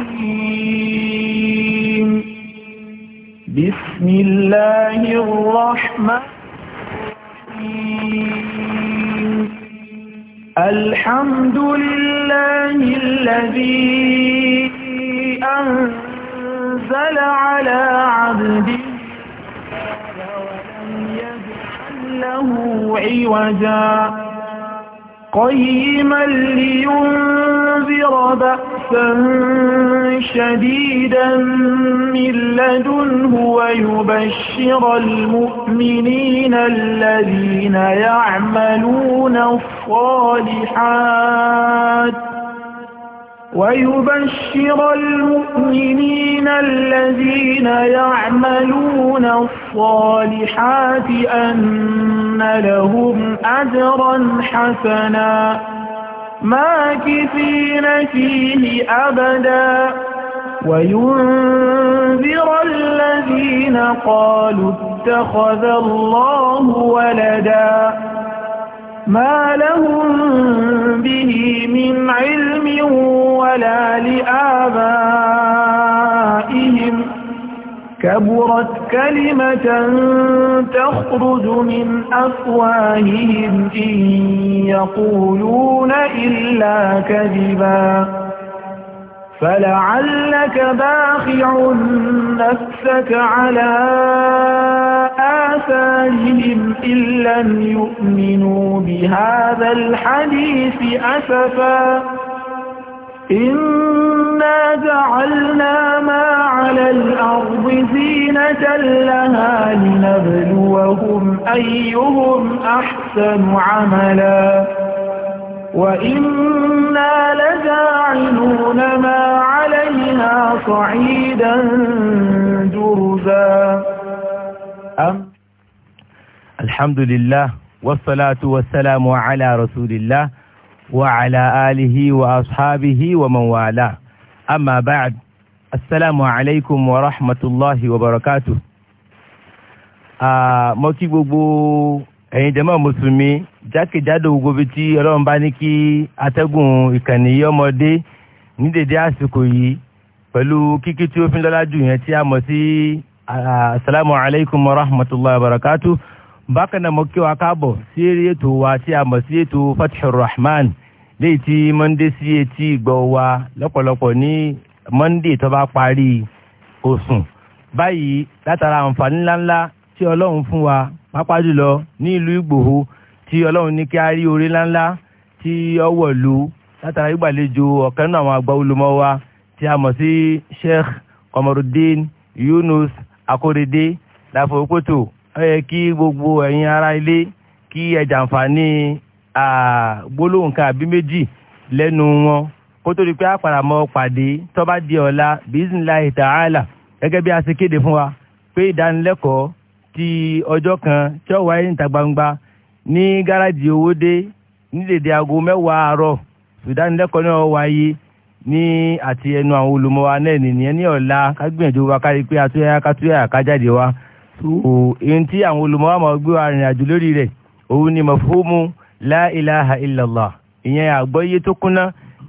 الرجيم بسم الله الرحمن الرحيم الحمد لله الذي أنزل على عبده ولم يجعل له عوجا قيما لينزل ليذهب بأسا شديدا من لدنه ويبشر المؤمنين الذين يعملون الصالحات ويبشر المؤمنين الذين يعملون الصالحات أن لهم أجرا حسناً ماكثين فيه أبدا وينذر الذين قالوا اتخذ الله ولدا ما لهم به من علم ولا لآبائهم كبرت كلمة تخرج من أفواههم إن يقولون إلا كذبا فلعلك باخع نفسك على آثارهم إن لم يؤمنوا بهذا الحديث أسفا إنا لها لنبلوهم أيهم أحسن عملا وإنا لجاعلون ما عليها صعيدا جرزا أم الحمد لله والصلاة والسلام على رسول الله وعلى آله وأصحابه ومن والاه أما بعد asalaamu alaykum wa rahmatulahi wa barakatu. mo kí gbogbo ẹ̀yin jẹ́mọ́ mùsùlùmí jákèjádò gbogbo bíi tí ọlọ́run bá ní kí atẹ́gùn ìkànnì yìí ọmọdé ní dédé àsìkò yìí pẹ̀lú kíkí tí ó fi lọ́lá jù yẹn tí a mọ̀ sí asalaamu alaykum wa rahmatulahi wa barakatu. bákan náà mo kí wa káàbọ̀ sí ètò wa tí a mọ̀ sí ètò fatihur rahman léyìí tí mọ́ndé sí etí wa lọ́pọ̀lọpọ̀ ní monday tó bá parí oṣù báyìí látara àǹfààní ńláńlá tí ọlọ́run fún wa pápá jùlọ ní ìlú ìgbòho tí ọlọ́run ní kí a rí orí ńláńlá tí ó wọ̀lú látara ìgbàlejò ọ̀kan náà àwọn àgbà wa tí a mọ̀ sí sheikh Komarudin Yunus Akorede láfọwọ́kòtò ó yẹ kí gbogbo ẹ̀yin ará ilé kí ẹ jàǹfààní gbólóhùn kan àbí méjì lẹ́nu wọn kó tó di pé pàdé tó di ọ̀la bisimilahi ta'ala a ṣe kéde fún wa pé ìdánilẹ́kọ̀ọ́ ti ọjọ kan tí ó wáyé níta gbangba ní gáràjì Owódé ní dédé aago mẹ́wàá àárọ̀ ìdánilẹ́kọ̀ọ́ náà wáyé ní àti ẹnu àwọn olùmọ̀ náà nìyẹn ní ọ̀la ká wa kárí pé atúyà kátúyà kájáde wa èyí tí àwọn máa gbé wa rìnrìn àjò lórí òun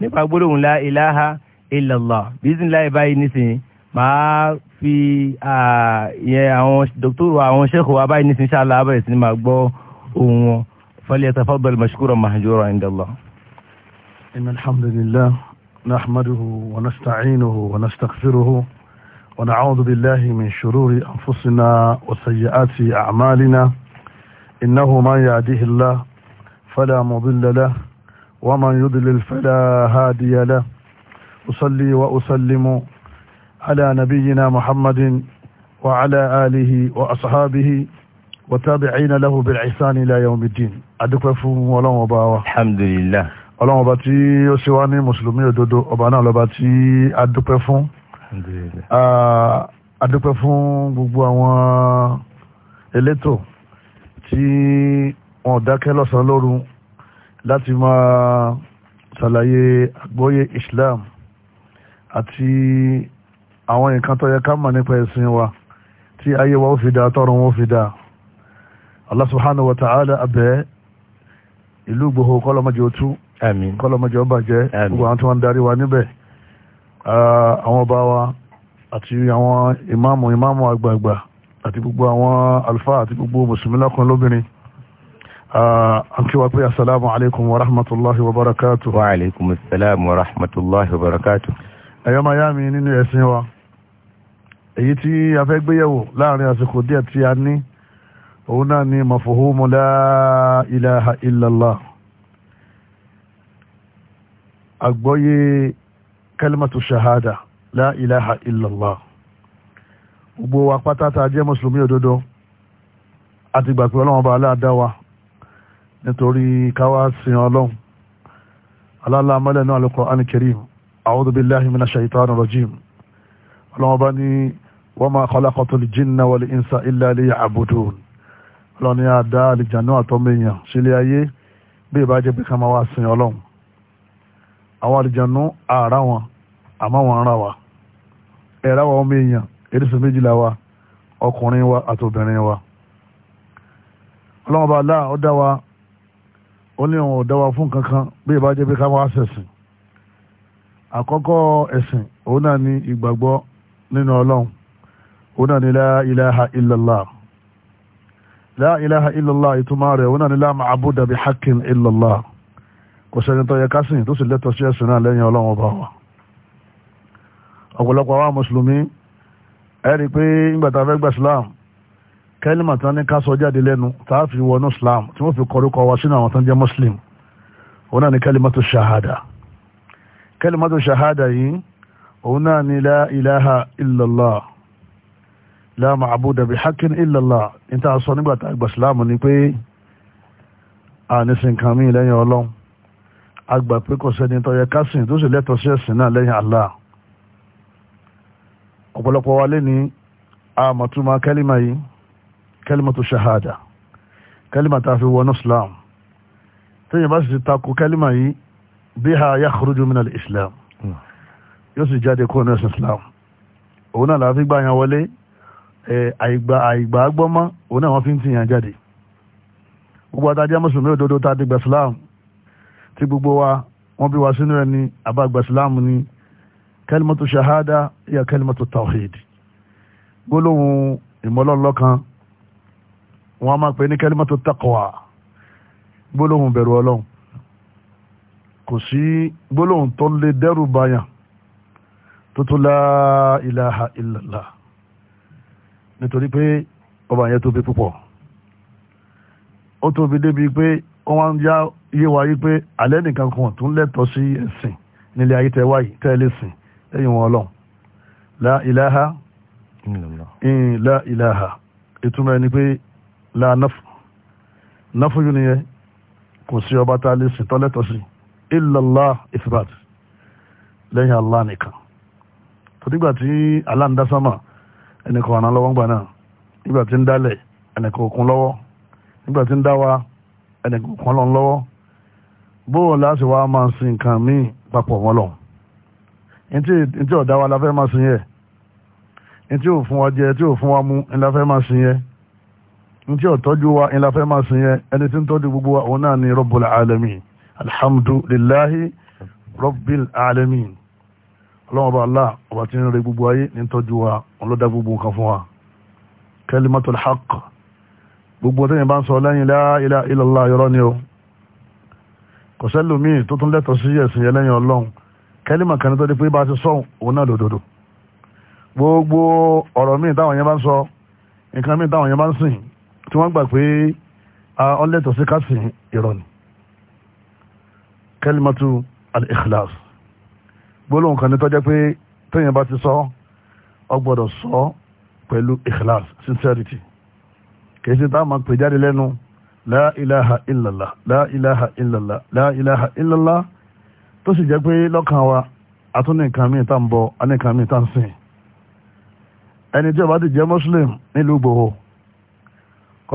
nípa gbólóhùn la ilaha illallah bísí láì báyìí nísìnyí máa fi ìyẹn àwọn dọ́kítọ́rù àwọn ṣẹ́kù wa báyìí nísìnyí ṣáàlà abẹ́rẹ́ sí ni máa gbọ́ ohun wọn falyatafaddal mashkuran mahjura inda Allah. inna alhamdulillah nahmaduhu wa nasta'inuhu wa nastaghfiruhu wa na'udhu billahi min shururi anfusina wa sayyiati a'malina innahu man yahdihi fala mudilla lahu ومن يضلل فلا هادي له أصلي وأسلم على نبينا محمد وعلى آله وأصحابه وتابعين له بالعسان إلى يوم الدين أدكف ولا مباوة الحمد لله ọlọ́run ọba tí ó ṣe wá ní mùsùlùmí òdodo ọba náà lọ́ba tí a dúpẹ́ fún a dúpẹ́ fún gbogbo àwọn elétò tí wọn dákẹ́ lọ́sàn-án lóru láti máa ṣàlàyé àgbọ́yé Islam àti àwọn nǹkan tó yẹ ká mọ̀ nípa ẹ̀sìn wa tí ayé wa ó fi dáa tọrọ wọn ó fi dáa Allah subhanahu wa ta'ala abẹ́ ìlú gbogbo kọ́lọ́mọjọ tú kọ́lọ́mọjọ bàjẹ́ gbogbo àwọn tí wọ́n ń darí wa níbẹ̀ ah, àwọn ọba wa àti àwọn ìmáàmù ìmáàmù àgbààgbà àti gbogbo àwọn alfa àti gbogbo mùsùlùmí lọ́kùnrin lóbìnrin akíwá pé asalaamu alaykum wa rahmatulahi wa barakatu. wa alaykum salaam wa rahmatulahi wa barakatu. ẹ̀yọ́ máa yá mi nínú ẹ̀sìn wa èyí tí a fẹ́ gbéyẹ̀wò láàrin àsìkò díẹ̀ tí a ní òun náà ni mafuhumu la ilaha illallah àgbọ́yé kalimatu shahada la ilaha illallah gbogbo wa pátá tá a jẹ́ mùsùlùmí òdodo àti gbà pé ọlọ́run ọba aláàdá nítorí káwá sin ọlọ́run aláàlámọ́lẹ̀ náà al-Qur'an al-Karim a'udhu billahi minash shaitani rajim ọlọ́run bá ní wa ma khalaqatul máa wá sin ọlọ́run àwọn àlìjànú ààrá wọn àmọ́ wọn ara wa ẹ̀rá wa ọmọ èèyàn eréṣẹ́ bá láà ó dá wa Onye ní dawa fun kankan bí ìbá jebe pé ká wá esi àkọ́kọ́ ẹ̀sìn òun náà ní nínú la ilaha illallah la ilaha illallah ìtumọ̀ rẹ̀ o náà la bi haqqin illallah kò sẹ́ni yẹ kásìn tó sì lẹ́tọ̀ọ́ sí ẹ̀sìn náà ọba wa àwọn mùsùlùmí pé kẹ́límà tán ní ká sọ jáde lẹ́nu tààfi wọnú islam tí wọ́n fi kọrúkọ wa sínú àwọn tán jẹ́ muslim òun náà ni kẹ́límà tó ṣahada kẹ́límà tó ṣahada yìí òun náà ni la ilaha illallah la ma'buda bi haqqin illallah ní tá a sọ nígbà tá a gbà islam ni pé a ní sin kan mí lẹ́yìn ọlọ́run a gbà pé kò sẹ́ni tó yẹ ká sìn tó sì lẹ́tọ̀ọ́ sí ẹ̀sìn náà lẹ́yìn allah ọ̀pọ̀lọpọ̀ wa lé ní àmọ̀túnmá kẹ́límà yìí kẹlímọ̀tò ṣahada kẹlímọ̀ tá a fi wọnú islam tẹ́yìn bá sì ti takò kẹlímọ̀ yìí biha yakhruju minal islam hmm. yóò sì jáde kó nẹ́sìn islam òun náà láàfin gbà yàn wọlé àìgbà àìgbà gbọ́mọ́ òun náà wọ́n fi ń tìyàn jáde gbogbo àtàjẹ́ mùsùlùmí òdodo tá a ti gbà islam tí gbogbo wa wọ́n bí wa sínú ẹni àbágbà islam ni kalimatu shahada ya kalimatu tawhid gbólóhùn ìmọ̀lọ́lọ́kan wọn a máa pè ní kalimatu taqwa gbólóhùn bẹ̀rù ọlọ́run kò sí gbólóhùn tó lè dẹ́rù báyàn tó tó la ilaha illallah nítorí pé ọba yẹn tóbi púpọ̀ ó tóbi débi pé wọ́n wá ń já yé wa yí pé alẹ́ nìkan kan tó ń lẹ́tọ̀ọ́ sí ẹ̀sìn nílé ayé tẹ́ wáyé tẹ́ sìn lẹ́yìn wọn ọlọ́run la ilaha illallah ilaha ìtumọ̀ ẹni pé láàánáfù nafu, yìí nìyẹn kò sí ọba tá a lè sìn tọ́lẹ́tọ̀ sí illallah ifbat lẹ́yìn Allah nìkan tó dìgbà tí Allah ń dá sámà ẹnìkan ọ̀nà lọ́wọ́ gbà náà nígbà tí ń dálẹ̀ ẹnìkan òkun lọ́wọ́ nígbà tí ń dá wa ẹnìkan òkun lọ́n lọ́wọ́ bóò láti wá máa sin nǹkan míì papọ̀ mọ́ lọ́wọ́ ntí ọ̀dá wa la fẹ́ máa sin yẹ ntí ò fún wa jẹ tí ò fún wa mú ńlá fẹ́ máa sin yẹ nítí ọ̀tọ́jú wa ilá fẹ́ máa sin yẹn ẹni tí ń tọ́jú gbogbo wa òun náà ni rọ́bùl alamin alhamdulillahi rọ́bùl alamin ọlọ́wọ́n bá aláà ọba tí ń rẹ gbogbo ayé ní tọ́jú wa ọlọ́dá gbogbo nǹkan fún wa kalimatul haqq gbogbo tí yẹn bá ń sọ lẹ́yìn la ilaha illallah yọrọ ni o kò sẹ́lòmíì tó tún lẹ́tọ̀ sí ẹ̀sìn yẹn lẹ́yìn ọlọ́run kẹ́límà kan tó di pé bá ti sọ òun náà lòdòdò gbogbo ọ̀rọ̀ míì táwọn yẹn bá ń sọ nǹkan míì táwọn yẹn bá ń sìn tí wọ́n gbà pé ọlẹ́tọ̀ sí káfí irọ́ ni kẹlímọ́tù al-ikhlas gbólóhùn kan ní tọ́jẹ́ pé tóyìn bá ti sọ ọ sọ pẹ̀lú ikhlas sincerity kìí sí táwọn máa pè jáde lẹ́nu la ilaha illallah la ilaha illallah la ilaha illallah tó sì jẹ́ pé lọ́kàn wa àtún nìkan míì tá ń bọ anìkan míì ẹni tí ó ti jẹ́ muslim nílùú gbòho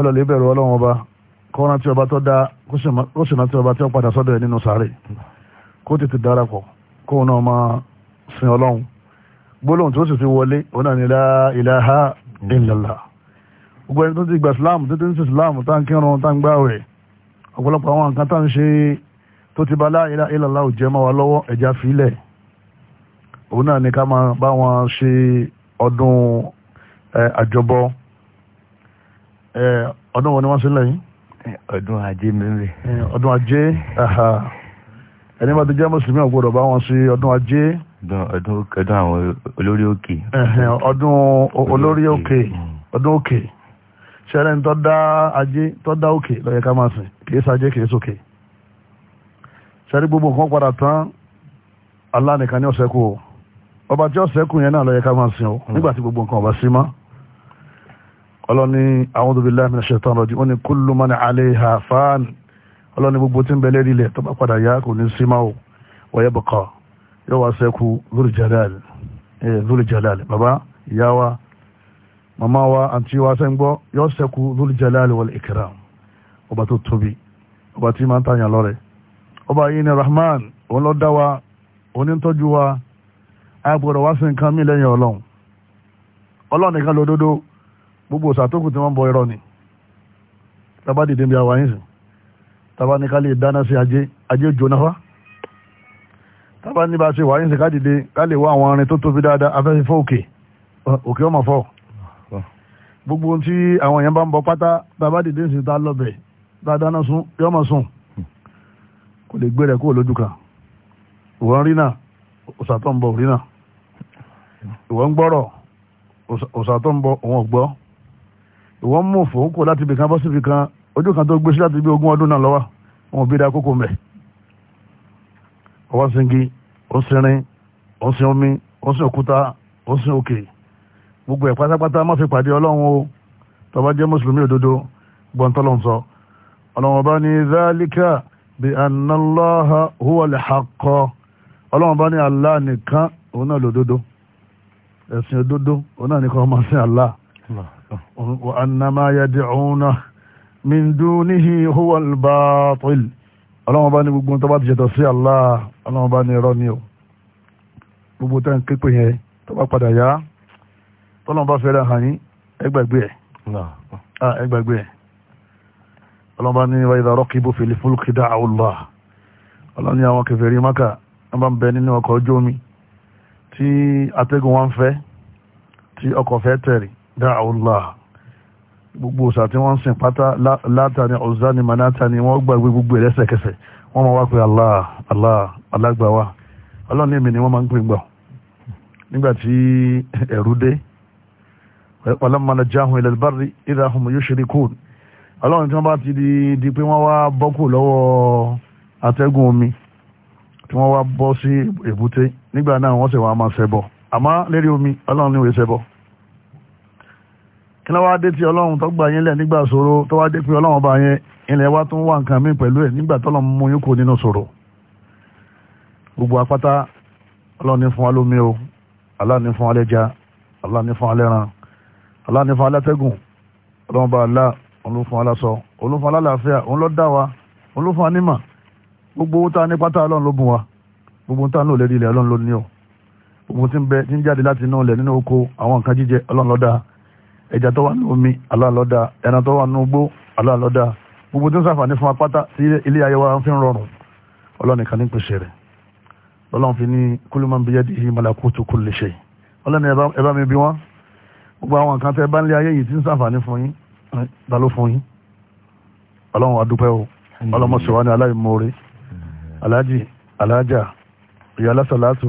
kọ́lọ̀ lè bẹ̀rù ọlọ́run ọba kọ́ rántí ọba tó dáa kó sì rántí ọba tí ó padà sọ́dọ̀ ẹ̀ nínú sàárè kó tètè darapọ̀ kóun náà máa sin ọlọ́run gbólóhùn tó sì fi wọlé òun náà ní la ilaha gbogbo ẹni tó ti gba islam tó ti ń sin islam tá ń kírun tá ń gbààwẹ̀ ọ̀pọ̀lọpọ̀ àwọn nǹkan tá ń ṣe tó ti ba la ilaha illallah ò jẹ́ lọ́wọ́ ẹ̀já fílẹ̀ òun náà ní ká máa bá wọn ṣe ọdún àjọbọ ọdún wọn ni wọ́n sí lẹ́yìn. ọdún ajé mẹ́rin. ọdún ajé ẹni bá ti jẹ́ mùsùlùmí ọ̀gbọ́dọ̀ bá wọn sí ọdún ajé. ọdún ọdún àwọn olórí òkè. ọdún olórí òkè ọdún òkè ṣẹlẹ̀ tó dá ajé tó dá òkè lọ́yẹ ká máa sìn kìí sàjé kìí sókè. gbogbo nǹkan padà tán ní ọba tí yẹn náà ká máa sìn o hmm. nígbà tí gbogbo ọlọ́ni a'udhu billahi minash shaitan rajim ó ní kullu man 'alayha fan ọlọ́ni gbogbo tí ń bẹ̀lẹ́ rí ilẹ̀ tó bá padà yá kò ní símá o wa yabqa yóò wá sẹ́kù lórí jalal lórí jalal bàbá ìyá wa màmá wa àti wa sẹ́ ń gbọ́ yóò sẹ́kù lórí jalal wal ikram ọba tó gbogbo òsàtókù tí wọ́n bọ irọ́ ni tábà dìde bí àwa yìí tábà ní ká lè dáná sí ajé ajé jóná fa tábà ní bá ṣe wà yìí ká dìde ká lè wá àwọn arin tó tóbi dáadáa afẹ́fẹ́ fọ́ òkè òkè ọmọ fọ́ gbogbo tí àwọn èèyàn bá ń bọ pátá tábà dìde sí ta lọ́bẹ̀ tá dáná yọmọ sùn kò lè gbé rẹ̀ kúrò lójú kan ìwọ rí náà òsàtọ̀ ń bọ̀ rí náà ìwọ gbọ́rọ̀ òsàtọ̀ ń bọ̀ òun ò ìwọ́n mú fòun kò láti ibì kan bọ́ sí ibì kan ojú kan tó gbé sí láti ibi ogún ọdún náà lọ́wọ́ wọn ò bí da kókó mẹ́ ọwọ́ singi ó sinrin ó sin omi ó sin òkúta ó sin òkè gbogbo ẹ̀ pátápátá má fi pàdé ọlọ́run o tó jẹ́ mùsùlùmí òdodo gbọ́ntọ́lọ́ sọ ọlọ́run bá ní zálíkà bí annáláha huwàlẹ̀ àkọ́ ọlọ́run bá ní Allah nìkan òun náà lòdodo ẹ̀sìn òdodo òun náà nìkan ọmọ sí Allah وأن ما يدعونه من دونه هو الباطل ọlọ́wọ́n bá ní gbogbo tó bá ti ṣẹ̀tọ̀ sí Allah ọlọ́wọ́n bá ní irọ́ ni o gbogbo tó ń képe yẹn tó bá padà yá tọ́lọ́wọ́n bá fẹ́rẹ̀ hàn yín ẹgbàgbé ẹ̀ ẹgbàgbé ẹ̀ ọlọ́wọ́n bá ní wàyíra rọ́kìbù fil fulki dá Allah ọlọ́wọ́n ní àwọn kẹfẹ́rí maka wọ́n bá ń bẹ nínú ọkọ̀ ojú omi tí atẹ́gùn wọn fẹ́ tí ọkọ̀ fẹ́ tẹ̀rì da'u Allah gbogbo òsà tí wọ́n ń sìn pátá láta ni ọ̀zá ni manáta ni wọ́n gbàgbé gbogbo ẹ̀ lẹ́sẹ̀kẹsẹ̀ wọ́n máa wá pé Allah Allah alágbà wa ọlọ́run èmi ni wọ́n máa ń pè gbà nígbà tí ẹ̀rú dé walamma najahum ilal barri idha hum yushrikun ọlọ́run tí wọ́n bá ti di pé wọ́n wá bọ́kù lọ́wọ́ atẹ́gùn omi tí wọ́n wá bọ́ sí èbúté nígbà náà wọ́n sì wá máa ṣẹbọ kí ló wá dé tí ọlọ́run tó gbà yín lẹ̀ nígbà ṣòro tó wá dé pé ọlọ́run bá yẹn ilẹ̀ wa tún wà nǹkan mí pẹ̀lú ẹ̀ nígbà tọ́lọ́ mú yín kò nínú ṣòro gbogbo apáta ọlọ́run ní fún wa lómi o Allah ní fún wa lẹ́ja Allah ní fún wa lẹ́ran Allah ní fún wa látẹ́gùn ọlọ́run bá alá òun ló fún wa lásọ òun ló fún wa lálàáfíà òun ló dá wa òun ló fún wa nímà gbogbo owó tá a ní pátá ọlọ́run ló bùn wa gbogbo tá a ní òlérí ilẹ̀ ọlọ́run ló ní o gbogbo tí ń bẹ tí ń jáde láti inú ilẹ̀ nínú oko àwọn nǹkan jíjẹ ọlọ́run ló dá ẹja tó wà ní omi aláàlọ́dà ẹran tó wà ní ugbó aláàlọ́dà gbogbo tó ń sàǹfààní fún apáta tí ilé ayé wa fi ń rọrùn ọlọ́nìkan ní pèsè rẹ̀ lọ́lọ́run fi ní kullu man biyadihi malakutu kulli shay ọlọ́ni ẹ bá mi bí wọ́n gbogbo àwọn nǹkan tẹ́ bá ń lé ayé yìí tí ń sàǹfààní fún yín dá eh, ló fún yín ọlọ́run adúpẹ́ o ọlọ́mọṣẹ́wá ní aláìmoore aláàjì aláàjà ìyá alásàlátù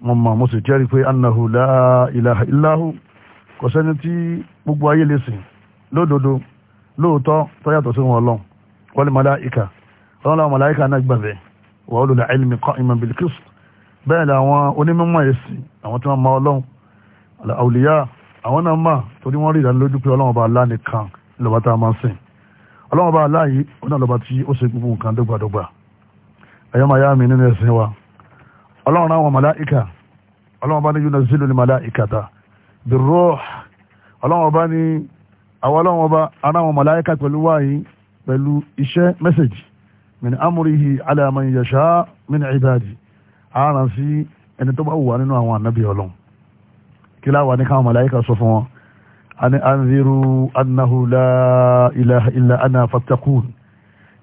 mo mọ̀ mo sì jẹ́rìí pé annahu la ilaha illahu kò sẹ́ni tí gbogbo ayé lè sìn lódodo lóòótọ́ tó yàtọ̀ sí wọn ọlọ́run wal màláìka ọlọ́run àwọn màláìka náà gbàgbẹ́ wà ulul ilmi qa'iman bil qist bẹ́ẹ̀ làwọn onímọ̀ ẹ̀sìn àwọn tí wọ́n mọ ọlọ́run àwòlíyá àwọn náà mà torí wọ́n rí ìdánilójú pé ọlọ́run ọba alá nìkan lọ́ba tá a máa sìn ọlọ́run ọba alá yìí ó náà lọ́ba tí ó ṣe gbogbo nǹkan dọ́gbadọ́gba ẹ̀yọ́ màyá mi nínú ẹ̀sìn wa ọlọ́run àwọn màláìkà ọlọ́run bá ní yunazzilu ní màláìkà ta bí ruh ọlọ́run bá ní àwọn ọlọ́run bá ara àwọn màláìkà pẹ̀lú wáyé pẹ̀lú iṣẹ́ mẹ́sẹ̀jì min amrihi ala man yasha min ibadi ani anziru annahu la ilaha illa ana fattakun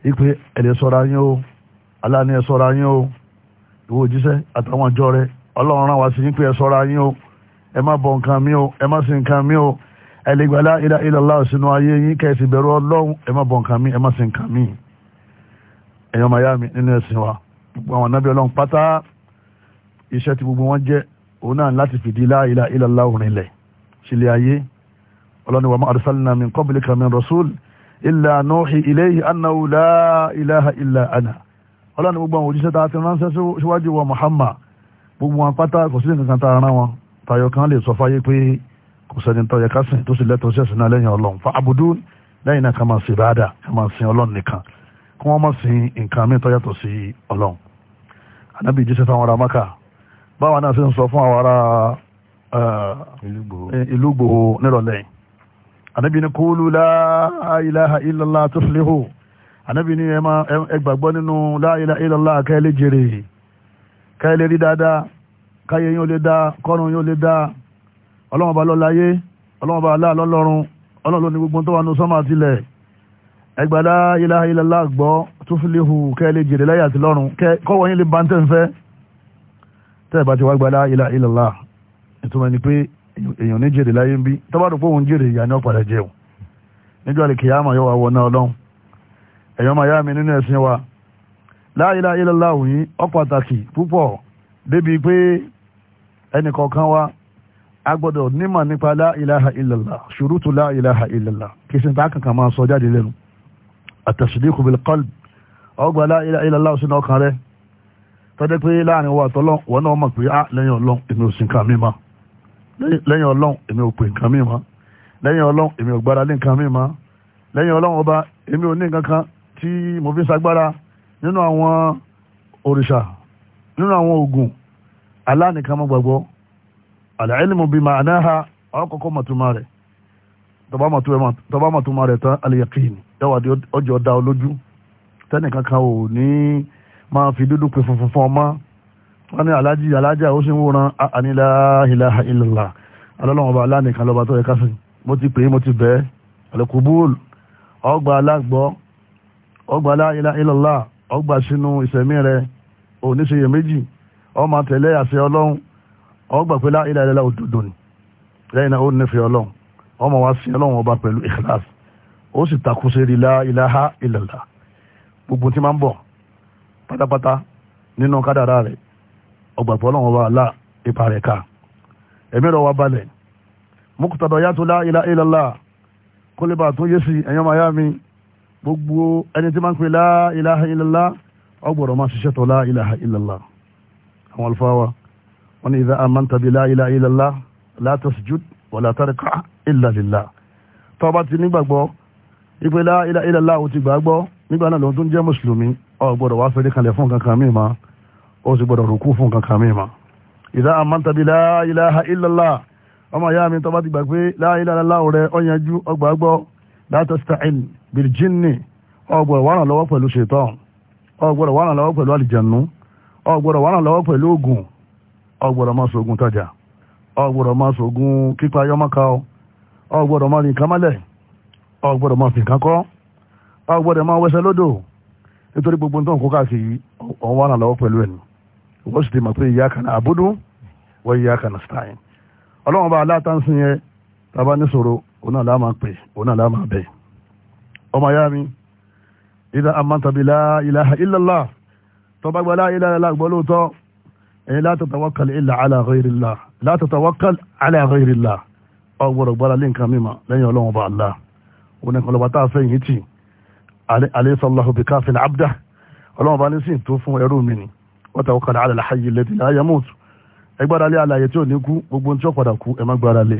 ipe ẹ̀lẹ́sọ̀rọ̀ ayé o aláàánú ẹ̀sọ̀rọ̀ ayé o ìwọ òjíṣẹ́ àtàwọn àjọ rẹ ọlọ́run rán wa sí yín pé ẹ sọ́ra yín o ẹ má bọ nǹkan mi o ẹ má sin nǹkan mi o ẹ lè gbà lá ilà ilà Allah sínú ayé yín kẹsì bẹ̀rù ọlọ́run ẹ má bọ nǹkan mi ẹ má sin nǹkan mi ẹ̀yọ́ màá yá mi nínú ẹ̀sìn wa gbogbo àwọn ànábì ọlọ́run pátá iṣẹ́ tí gbogbo wọn jẹ́ òun náà láti fìdí lá ilà ilà Allah sílé ayé ọlọ́run wa ma ọlọ́run gbogbo àwọn òjíṣẹ́ ta ti ránṣẹ́ síwájú wa Muhammad gbogbo wọn pátá kò sí nǹkan tá a rán wọn tayọ kan lè sọ fáyé pé kò sẹ́ni tọ́yẹ ká sìn tó sì lẹ́tọ̀ sí ẹ̀sìn náà lẹ́yìn ọlọ́run fa àbùdú lẹ́yìn náà ká máa sìn báadà ká máa sìn ọlọ́run nìkan kí wọ́n máa sìn nǹkan míì tọ́yàtọ̀ sí ọlọ́run anábì jíṣẹ́ fáwọn ará maka báwa náà sì ń sọ fún àwọn ará ìlú gbòho nírọ̀lẹ́yìn anábì ní kúlù la ilaha illallah tuflihu ànábì ní ẹ gbàgbọ́ nínú la ilaha illallah kẹ́lẹ́ jèrè kẹ́lẹ́ rí dáadáa káyé yín ó lè dáa kọ́run yín ó lè dáa ọlọ́wọ́n bá lọ́láyé ọlọ́wọ́n bá aláàlọ́lọ́run ọlọ́run ní gbogbo tó wà nù sọ́mà tilẹ̀ ẹ gbà la ilaha illallah gbọ́ tuflihu kẹ́lẹ́ jèrè láyé àti lọ́run kọ́wọ́ yín lè bá ń tẹ̀ ń fẹ́ tẹ́ẹ̀ la ilaha illallah ìtumọ̀ ni pé èèyàn ní jèrè láyé ń bí tọ́bàdùn ẹ̀yọ́ máa yá mi nínú ẹ̀sìn wa la ilaha illallah yìí ó pàtàkì púpọ̀ débi pé ẹnìkọ̀ọ̀kan wa a gbọ́dọ̀ nímọ̀ nípa la ilaha illallah ṣùrùtù la illallah kì í sin tá kankan máa sọ jáde lẹ́nu at-tasdiqu bil qalb ọgbà la illallah sínú ọkàn rẹ tọ́jẹ́ pé láàrin wa tọ́lọ́ wọn náà mọ̀ pé á ah, lẹ́yìn ọlọ́n èmi ò sí nǹkan pè nǹkan mímọ́ lẹ́yìn ọlọ́n èmi ò gbára lé nǹkan mímọ́ lẹ́yìn ọlọ́n ọba èmi ò ní nǹkan kan tí mo fi ń sagbára nínú àwọn òrìṣà nínú àwọn oògùn alánìkan mọ́ gbàgbọ́ àlàílìmù bíi máa náà ha ọkọ̀ọ̀kọ̀ mọ̀túnmá rẹ̀ tọ́bá mọ̀túnmá rẹ̀ tán aliyakini dáwàdí ọjọ́ da olójú tẹ́nìkankan ò ní máa fi dúdú pè funfun fún ọmọ wọ́n ní alájí alájá ó sì ń wòran ànílá ilaha illallah alọ́lọ́wọ́ba alánìkan lọ́ba tó yẹ ká sìn mo ti pè é mo ti bẹ́ẹ̀ alẹ́kùbúùl ọgbà alágbọ́ ọgbà láìlá ìlọ́lá ọgbà sínú ìsẹ̀mí rẹ oníṣeyè méjì ọmọ tẹ̀lé àṣẹ ọlọ́run ọgbà pé láìlá ìlọ́lá òdodo ni lẹ́yìn náà ó nífẹ̀ẹ́ ọlọ́run ọmọ wa sí ọlọ́run ọba pẹ̀lú ìkìláàsì ó sì takú sí rí láìláha ìlọ́lá gbogbo tí máa ń bọ̀ pátápátá nínú kádàrá rẹ̀ ọgbà pé ọba àlá ipa rẹ̀ ká ẹ̀mí rẹ̀ wá balẹ̀ mọ́kútàdọ̀ yàtọ̀ láìlá ìlọ́lá gbogbo ẹni tí máa ń pè la ilaha illallah ọgbọ̀rọ̀ máa ṣiṣẹ́ tọ́ la ilaha illallah àwọn alfáwa wọn ni idha amanta bi la ilaha illallah la tasjud wa la tarka illa lillah tó bá ti nígbàgbọ́ ipe la ilaha illallah ò ti gbàgbọ́ nígbà náà lóun tó ń jẹ́ mùsùlùmí ó gbọ́dọ̀ wá fẹ́rẹ́ kalẹ̀ fún kankan mi ma ó sì gbọ́dọ̀ rùkú fún kankan mi ma idha amanta bi la ilaha illallah ọmọ ìyá mi tó ti gbà pé la ilaha illallah rẹ látàstàìl bìrìjìnnì ọgbọ̀rọ̀ wà náà lọ́wọ́ pẹ̀lú ṣètọ́n ọgbọ̀rọ̀ wà náà lọ́wọ́ pẹ̀lú àlìjànú ọgbọ̀rọ̀ wà náà ogun ọgbọ̀rọ̀ máa sògùn tajà masoogun máa sògùn kípa yọmọ́ka ọgbọ̀rọ̀ máa nítorí gbogbo kó káàkiri pẹ̀lú ẹ̀nu wọ́n sì ti mọ̀ pé ìyá kan àbúdú wọ́n òun náà láàmà pè òun náà láàmà bẹ̀ ọmọ ayá mi ìdá amántàbí la ilaha illallah tó bá gba la ilaha illallah gbọ́ lóòótọ́ ẹni la tatawakkal illa ala ghayrillah la tatawakkal ala ghayrillah ọgbọ̀rọ̀ gbára lé nǹkan mímọ̀ lẹ́yìn ọlọ́run bá Allah òun nìkan lọ́ba tá a fẹ́yìn tì alayhisallahu bi káfíń abdá ọlọ́run bá ní sí tó fún ẹrú mi ni wa tawakkal ala al-hayy alladhi la yamut ẹgbára lé alàyè tí ò ní kú gbogbo ohun tí ó padà kú ẹ má gbára lé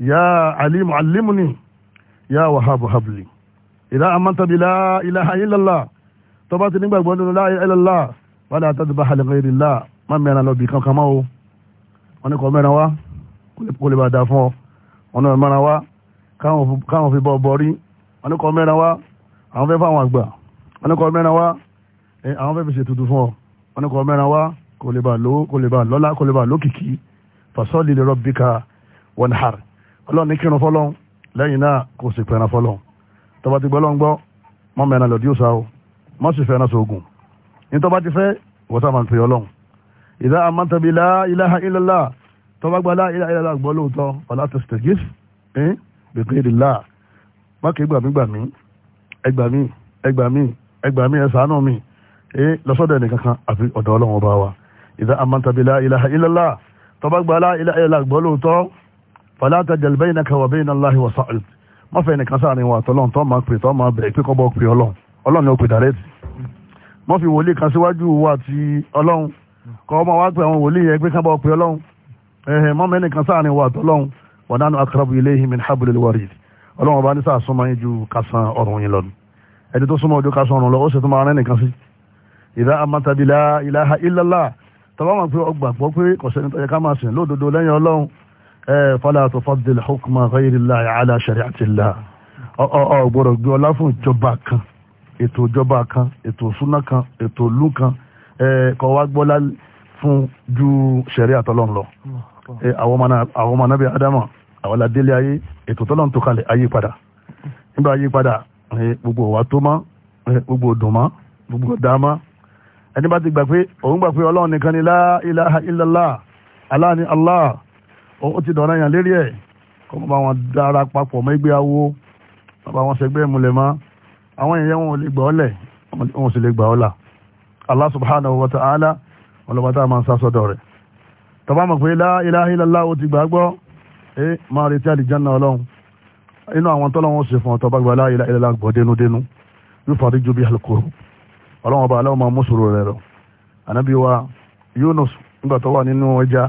ya alimu alimuni ya wahabu habli ìdá amantabi la ilaha illallah tó bá ti nígbàgbọ́ nínú la ilaha illallah wà láti tàbí bá halẹ̀ ghayri Allah má mẹ́ran lọ bí kankan máa o wọ́n ní kọ́ mẹ́ran wá kó lè bá dá fún ọ wọ́n náà mẹ́ran wá káwọn fi bọ́ bọ́rí wọ́n ní kọ́ mẹ́ran wá àwọn fẹ́ fáwọn àgbà wọ́n ní kọ́ mẹ́ran wá àwọn fẹ́ fi ṣe tuntun fún ọ wọ́n ní kọ́ mẹ́ran wá kó lè bá lọ́lá kó lè bá lókìkí fasọ́ọ̀lì li rabbika wanhar ọlọ́run ní kírun fọlọ́run lẹ́yìn náà kò sì pẹ̀ràn fọlọ́run tọba ti gbọ́lọ́n gbọ́ mọ́ mẹ́ran lọ́dí òsà o mọ́ sì fẹ́ràn sóògùn ní tọba ti fẹ́ wọ́sà máa ń pè ọlọ́run ìdá àmọ́tẹ́bí la ilaha tọba gba la ilaha illallah gbọ́ lóòótọ́ ọ̀là tó stẹ̀gif ẹ́ bèkèrè là mákè gbàmígbàmí ẹgbàmí ẹgbàmí ẹgbàmí mi ẹ lọ́sọ́dọ̀ ẹnìkankan àfi ọ̀dọ̀ ọlọ́run ọba wa ìdá àmọ́tẹ́bí la ilaha illallah tọba gba la ilaha illallah fàlátà jẹ̀lẹ́bẹ́yìn náà kẹwàá bẹ́yìn náà láhìwà sáàlì wọ́n fẹ́ nìkan sáàrin wa tọ́lọ́n tó máa pè tó máa bẹ̀rẹ̀ pé kọ́bọ̀ pè ọlọ́run ọlọ́run ni ó pè dàrẹ́tì wọ́n fi wòlíì kan síwájú wa ti ọlọ́run kọ́ ọmọ wa pé àwọn wòlíì yẹn pé kábọ̀ pè ọlọ́run ẹ̀hẹ̀ mọ́ mẹ́ni kan sáàrin wa tọ́lọ́run wa nahnu aqrabu ilayhi min hablil warid ọlọ́run ọba ní sáà súnmọ́ yín ju kásán ọ̀run yín lọ́nu ẹni tó súnmọ́ ojú kásán ọ̀run lọ ó sì tún máa rẹ́ nìkan sí ìdá amátàbílá ilaha illallah tọ́lọ́run pé ọgbà gbọ́ pé kọ̀sẹ́ni tọ́jà ká máa sìn lódodo lẹ́yìn ọlọ́run fala tufaddil hukma ghayri Allahi ala shari'ati Allah ọ gbọ́dọ̀ gbé ọlá fún ìjọba kan ètò ìjọba kan ètò súná kan ètò ìlú kan kọ wá gbọ́lá fún ju ṣẹ̀rí'à Ọlọ́run lọ àwọn ọmọ anábì adama àwọn aládélé ayé ètò t'Ọlọ́run tó kalẹ̀ ayé padà nígbà ayé padà gbogbo ọ̀wá tó mọ́ gbogbo ọdún mọ́ gbogbo ọ̀dá mọ́ ẹni bá ti gbà pé òun gbà pé ọlọ́run nìkan ni la ilaha aláàni allah ó ti dọ̀rọ̀ yàn lérí ẹ̀ kó má bá wọn dára papọ̀ mọ́ ẹgbẹ́ awo má bá wọn ṣẹgbẹ́ múlẹ̀ mọ́ àwọn èèyàn wọn ò lè gbà ọ́ lẹ̀ wọn ò sì lè gbà ọ́ là Allah subhanahu wa ta'ala ọlọ́ba tá a máa ń sásọ́dọ̀ rẹ̀ tọ́ba mọ̀ pé la ilaha illallah ó ti gbà gbọ́ ẹ máa retí àlìjánnà ọlọ́run inú àwọn tọ́lọ́wọ́n ṣe fún ọ̀tọ́ba gba la ilaha illallah gbọ́ dénúdénú yóò fàárí ju bí alukoro ọlọ́run ọba aláwọ̀ máa mú sòrò rẹ̀ lọ ànábì wa Yunus nígbà tó wà nínú ẹja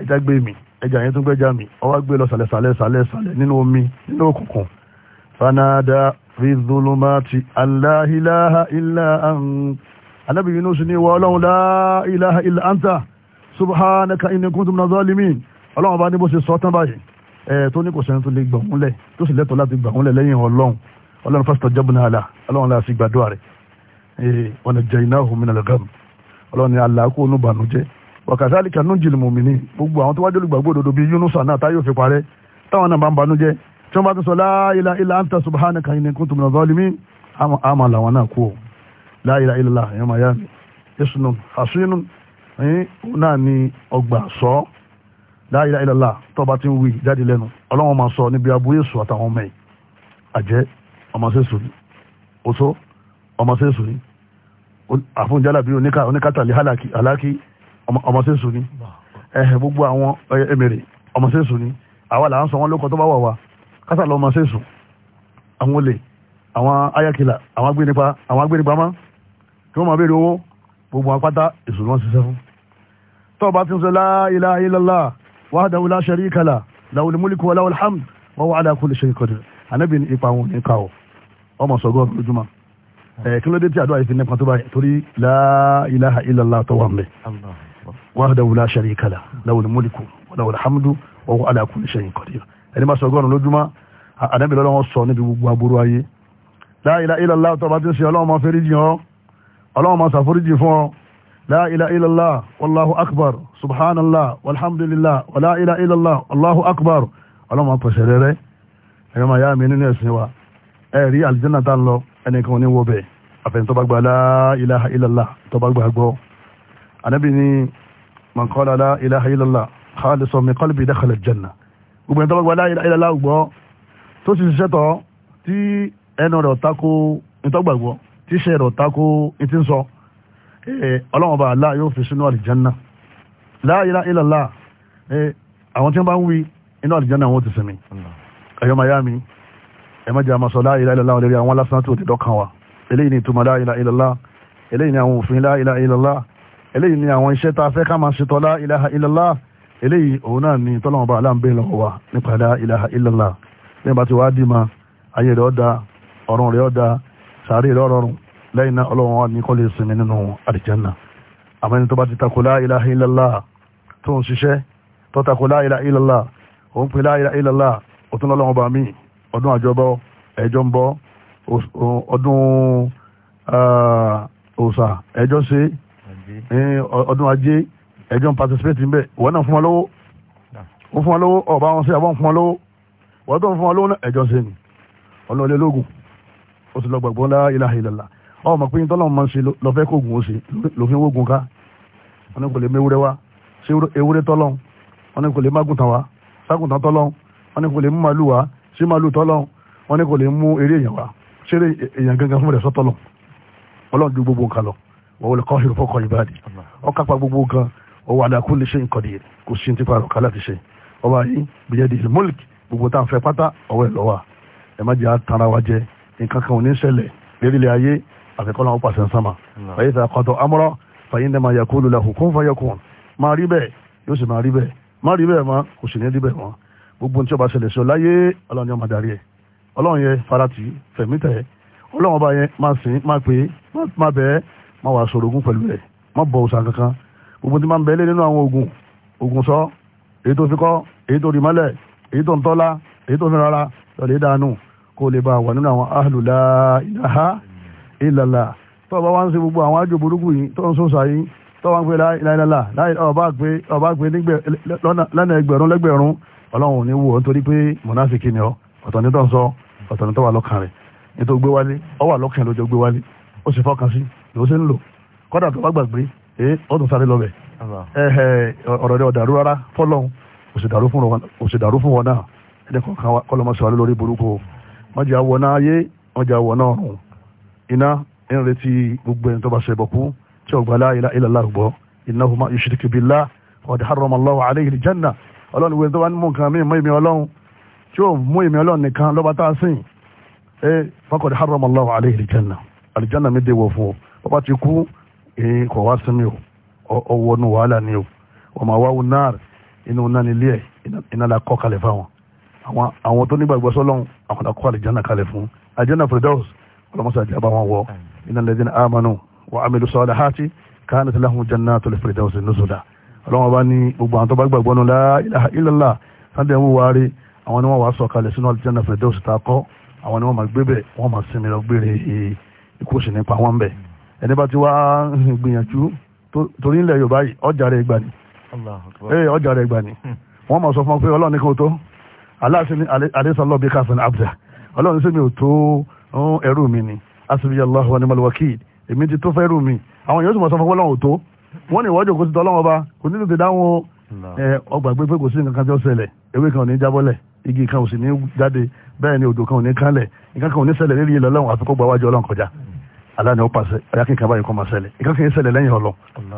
ẹja gbé mi ẹja yẹn tún gbẹ́jà mi ọwọ́ gbé lọ sàlẹ̀ sàlẹ̀ sàlẹ̀ sàlẹ̀ nínú omi nínú òkùnkùn fanada fi zulumati alla ilaha illa ant anábì Yunus ní ìwọ ọlọ́run la ilaha illa anta subhanaka inni kuntu minaz zalimin ọlọ́run bá ní bó ṣe sọ tán báyìí ẹ̀ tó ní kò sẹ́ni tó lè gbà múlẹ̀ tó sì lẹ́tọ̀ọ́ láti gbà múlẹ̀ lẹ́yìn ọlọ́run ọlọ́run fastajabna àlà ọlọ́run wàkàtàlíkà nùjìlì mùmìnì gbogbo àwọn tó wájú olùgbàgbọ́ òdodo bíi Yunus náà táyọ̀ fi parẹ́ táwọn náà bá ń banújẹ́ tí wọ́n bá tún sọ la ilaha illa anta subhanaka inni kuntu minaz zalimin àmà làwọn náà kú ọ la ilaha illa ẹ̀yọ́ màá yá mi yẹ́sùnù àṣínú náà ni ọgbà sọ la ilaha illa tó bá ti ń wí jáde lẹ́nu ọlọ́wọ́n máa sọ níbi abu yéṣu àtàwọn ọmọ ẹ̀ àjẹ́ ọmọ ni òṣó ni àfúnjálàbí oníkàtàlí aláki ọmọ sí sùn ní ẹ̀hẹ̀ gbogbo àwọn ẹ̀mẹ̀rẹ̀ ọmọ sí sùn ní àwa là ń sọ wọn lóko tó bá wà wá kásà lọ ọmọ sí sùn àwọn olè àwọn ayakila àwọn agbénipa àwọn agbénipamọ́ kí wọ́n máa béèrè owó gbogbo apáta ìṣòro wọn ṣiṣẹ́ fún tó bá ti ń sọ la ilaha illallah wahdahu la sharika lah lahul mulku wa lahul hamd wa huwa ala kulli shay'in qadir anábì ní ipa wọn ní ká o ọmọ sọgọ́ lójúmọ́ ẹ̀ kí ló dé tí àdúrà yìí fi nípa tó báyìí torí la ilaha tó wà ń wahdahu la sharika lahu lahul mulku wa lahul hamdu wa huwa ala kulli shay'in qadir ẹni máa sọ ọgọ́rùn lójúmọ́ ànábì lọ́wọ́ sọ níbi gbogbo aburú ayé la ilaha illallah tó bá ti ń ṣe ọlọ́wọ́ máa fẹ́ríjì hàn ọlọ́wọ́ máa ṣàforíjì fún ọ la ilaha illallah akbar subhanallah walhamdulillah wa la ilaha akbar ọlọ́wọ́ máa pẹ̀sẹ̀ rẹ́rẹ́ ẹ̀rọ máa yá mi nínú ẹ̀sìn wa ẹ̀rí àlìjẹ́nà tá ń lọ ẹnìkan ní wọ́bẹ̀ àfẹ́ntọ́bàgbà la ilaha illallah tọ́bàgbà gbọ́ anábì ní man qala la ilaha illallah khalisan min qalbi dakhala al-janna gbogbo ẹni tó bá gba la ilaha illallah gbọ́ tó sì ṣiṣẹ́ tọ́ tí ẹnu rẹ̀ tako ìtọ́gbàgbọ́ tí ṣe rẹ̀ tako ìtí ń sọ eh, ọlọ́run bá Allah yóò fi sínú àlìjánná la ilaha illallah eh, àwọn tí wọ́n bá ń wí inú àlìjánná wọ́n ti sinmi ẹ̀yọ́ miami ẹ̀mẹ́jẹ́ àmàsọ la ilaha illallah lórí àwọn lásán tó ti dọ́kan wa eléyìí ni ìtumọ̀ la ilaha eléyìí ni àwọn òfin la ilaha eléyìí ni àwọn iṣẹ́ tá a fẹ́ ká máa ṣe tọ́lá ilaha illallah eléyìí òun náà ni tọ́lọ́mọba aláǹbẹ̀ lọ́wọ́ wa nípa la ilaha illallah ní ìbá ti wá dì ma ayé rẹ̀ ọ̀dà ọ̀run rẹ̀ ọ̀dà sàárè rẹ̀ ọ̀rọ̀rùn lẹ́yìn náà ọlọ́run wa ní kọ́ lè sinmi nínú àdìjẹ́nà àmọ́ ẹni tó bá ẹjọ́ ń ọdún ajé ẹjọ́ ń participate ń bẹ̀ wọ́n náà fún wọn lówó wọ́n fún wọn lówó ọba wọn sí àbọ̀n fún wọn lówó wọ́n tó ń fún wọn lówó náà ẹjọ́ sí ni ọlọ́ọ̀lẹ́ lóògùn ó ti lọ gbàgbọ́ lá ilaha illallah ọmọ pé tọ́lọ́ máa ń ṣe lọ́fẹ́ kóògùn ó ṣe lòfin wógun ká wọn ní kò lè méwúrẹ́ wá ṣé ewúrẹ́ tọ́lọ́ wọn ní kò lè mágùntàn wá ságùntàn tọ́lọ́ wọn ní kò lè mú màálù wá ṣé màálù tọ́lọ́ wọn ní kò lè mú eré èèyàn wá ṣé èèyàn gangan fún rẹ̀ sọ́tọ́lọ́ ọlọ́run ju gbogbo nǹkan lọ wọ́n wọlé kọ́ ìrùfọ́ kọ́ ìbáàdì ọkà pa gbogbo gan ọwọ́ àdàkù lè ṣe nǹkan dìé kò sí ti parọ́ kálá ti ṣe ọba yìí bìyẹn di mọ́lìkì gbogbo tá à ń fẹ́ pátá ọwọ́ ẹ̀ lọ́wọ́ ẹ má jẹ́ àtàrà wa jẹ nǹkan kan ò ní ṣẹlẹ̀ lérílẹ̀ ayé àfikọ́lá wọn pàṣẹ sánmà ọyẹ́ ìta kọ́tọ̀ amọ́rọ́ fàyín dẹ́mà yakulu lahu kun fayakun máa rí bẹ́ẹ̀ yóò farati fẹ̀mítẹ̀ ọlọ́run ọba yẹn máa sìn máa pè é má wàá sọ̀rọ̀ ogun pẹ̀lú rẹ̀ má bọ òòsàn kankan gbogbo tí máa ń bẹ lé nínú àwọn ogun ogun sọ èyí tó fi kọ́ èyí tó rí mọ́lẹ̀ èyí tó ń tọ́lá èyí tó ń rárá lọ́lẹ̀ dànù kó lè bá wà nínú àwọn ahlu la ilaha illallah tó bá wá ń ṣe gbogbo àwọn àjò burúkú yìí tó ń sọ́sà yìí tó wá ń pè la ilaha illallah ọba pé lọ́nà ẹgbẹ̀rún lẹ́gbẹ̀rún ọlọ́run ò ní wò ó nítorí pé mọ̀nàfíkì ni ọ ọ̀tọ̀ ní tó ń sọ ọ̀tọ̀ ní tó wà lọ́kàn rẹ̀ nítorí gbé wálé ọ wà lọ́kàn lójó gbé wálé ó sì fọkàn sí lòó ṣe ń lò kọ́dà tó bá gbàgbé ẹ eh, ọ́ tún sáré lọ́bẹ̀ ọ̀rọ̀ rẹ ọ̀dàrú rárá fọlọ́hún òṣèdàrú fún wọn náà ẹ̀dẹ́kọ̀ kan kọ́lọ́mọ sọ̀rọ̀ lórí burúkú wọ́n jẹ́ àwọn náà ayé wọ́n jẹ́ àwọn náà ọ̀run iná ń retí gbogbo ẹni tó bá ṣẹbọ kú tí ọgbà láìlá ìlàlá gbọ́ innahu ma yushriku billah qad harrama Allahu alayhi al-janna ọlọ́run wẹ́n tó bá ń mú nǹkan mímọ́ ìmì ọlọ́run tí ó mú ìmì ọlọ́run nìkan lọ́ba tá a sìn ẹ eh, faqad harrama Allahu alayhi al-janna al-janna mi dé wọ̀ fún ọ bàbá ti kú èyí kò wá sinmi o ọwọ́ nu wàhálà ni o ọmọ àwáwò náà inú náà nílé ẹ̀ iná la kọ́ kalẹ̀ fáwọn àwọn tó nígbàgbọ́ sọ́lọ́hún àwọn la kọ́ àlìjánà kalẹ̀ fún àjánà firdaus ọlọ́mọsá àti àbáwọn wọ iná lẹ́dínà amanu wa amilu salihati kanat lahum jannatul firdaus nuzula ọlọ́wọ́n bá ní gbogbo àwọn tó bá gbàgbọ́ nù la ilaha illallah sunday wò wárí àwọn ni wọ́n wàá sọ̀kalẹ̀ sínú aljanna firdaus ta kọ́ àwọn ni wọ́n máa gbébẹ̀ wọ́n máa sinmi lọ gbére ikú sì nípa wọn bẹ́ẹ̀ ẹni bá ti wá gbìyànjú torí ilẹ̀ yorùbá ọjà rẹ̀ gbà ní eh, ọjà rẹ̀ gbà ní sọ fún ọ pé ọlọ́run ní kò tó aláàfin alẹ́sàlọ́ bí káfíń abdá ọlọ́run sí mi ò tó ẹrú mi ni asibi allah wa ni malwakil èmi ti tó fẹ́rù mi àwọn yóò sì mọ̀ sọ fún ọlọ́run ò tó wọ́n ní ìwọ́jọ́ kò sí tọ́lọ́run ọba kò ní tètè dáhùn eh, ọgbà gbé pé kò sí nǹkan kan tí ó ṣẹlẹ̀ ewé kan ò ní jábọ́lẹ̀ igi kan ò sì ní jáde bẹ́ẹ̀ ni òdò kan ò ní kánlẹ̀ nǹkan kan ò ní ṣẹlẹ̀ nílùú ilẹ̀ ọlọ́run àfikún gbà ọlọ́run kọjá aláàni ó pàṣẹ ọ̀yá kí nǹkan báyìí kọ́ máa ṣẹlẹ̀ nǹkan kì í ṣẹlẹ̀ lẹ́yìn ọ̀lọ́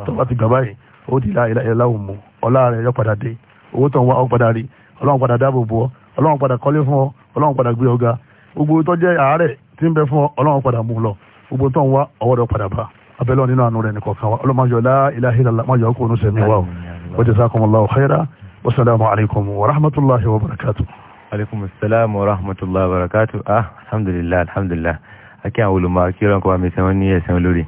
tó bá ti gbà báyìí ó di ìlà òmù ọlá rẹ̀ yọ padà dé owó tó ń wá ọ padà rí ọlọ́run padà dáàbò bò ọ ọlọ́run padà kọ́lé fún ọ ọlọ́run padà gbé ọga gbogbo tó jẹ́ àárẹ̀ tí ń bẹ fún ọ ọlọ́run padà mú lọ gbogbo tó ń wá ọwọ́ rẹ̀ padà bá abẹ́lẹ́ nínú àánú rẹ̀ nìkọ̀ọ̀kan wa ọlọ́run máa yọ lá ilaha illallah máa yọ ọkùnrin sẹ̀mí wa o jazakumullahu khaira wasalaamu alaykum wa rahmatulahi wa barakatu. aleykum salaam wa rahmatulahi wa barakatu ah alhamdulilah alhamdulilah akí àwọn olùmọ̀ akí ọlọ́nkọ́ wa mi sẹ́wọ́n ní ẹ̀sẹ̀ olórí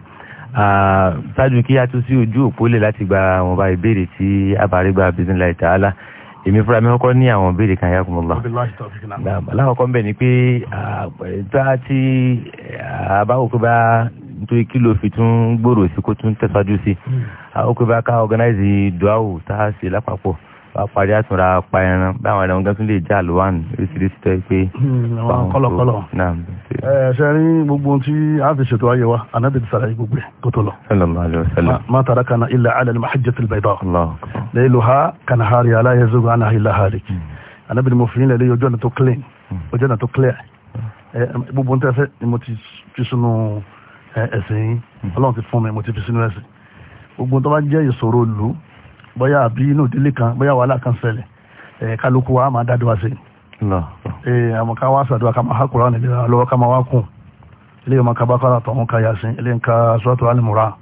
ṣáájú kí a tún sí ojú òpó lè láti gba àwọn ọba ìbéèrè tí abàrígbà bisimilayi ta'ala èmi fúnra mi kọ́kọ́ ní àwọn ìbéèrè kan yá kùmọ̀lá alákọ̀ọ́kọ́ ń bẹ̀ ni pé tá tí àbáwò pé bá nítorí kí ló fi hmm. organize duawo tá a ṣe lápapọ̀ parí àtúnra pa ẹran báwọn ẹran gan tún lè já ló wà ní oríṣiríṣi tó yẹ pé. Hmm, àwọn kọlọkọlọ ẹ ṣe rí gbogbo tí a fi ṣètò ayé wa anabi sara yìí gbogbo tó tó lọ. sallallahu alayhi wa sallam. ma tara kana illa ala al-mahajjati al-bayda. layluha kana hari ala yazugu anha illa halik. anabi hmm. ni mo fi yín lẹ́lẹ́ ojú ọ̀nà tó clean hmm. ojú ọ̀nà tó clear. gbogbo tí a fẹ́ ni mo ti fi sínú ẹ̀sìn yín ọlọ́run ti fún mi mo ti fi sínú ẹ̀sìn. gbogbo tó bá jẹ́ ìṣòro lù bóyá àbí inú ìdílé kan bóyá wàhálà kan ṣẹlẹ̀ kálukú wa máa dáadọ́ wa sí àmọ́ ká wá sàdúrà ká máa há kúrò nílé wa lọ́wọ́ ká máa wá kùn ilé ọmọ ká bá kára tọ̀hún ká yà sí ilé nǹka sọ́tò alimura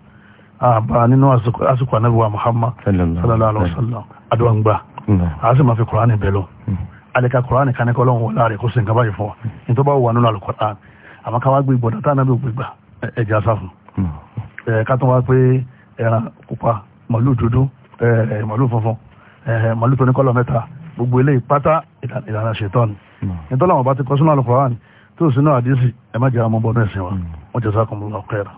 àbá nínú àsìkò anábìwá Muhammad sallallahu alaihi wasallam adúlá ń gbà a sì máa fi kúrò níbẹ̀ lọ hmm. alika kúránì kan ní kọ́ lọ́wọ́ láàrẹ kó sì ń gaba ìfọ́ ní tó bá wà nínú alukọ́tà àmọ́ ká wá gbé ìgbọ̀dọ̀ Eh, màálù funfun eh, malu tó ní kọ́lọ̀ mẹ́ta gbogbo eléyìí pátá ìlànà ṣètọ́ni hmm. nítorí àwọn bá ti kọ́ sínú àlùkùránì tí ò sínú àdísì ẹ má jẹ́ àwọn ọmọ bọ́ọ̀nù ẹ̀sìn wa hmm. wọ́n jẹ́ sákùn lọ kẹ́rà.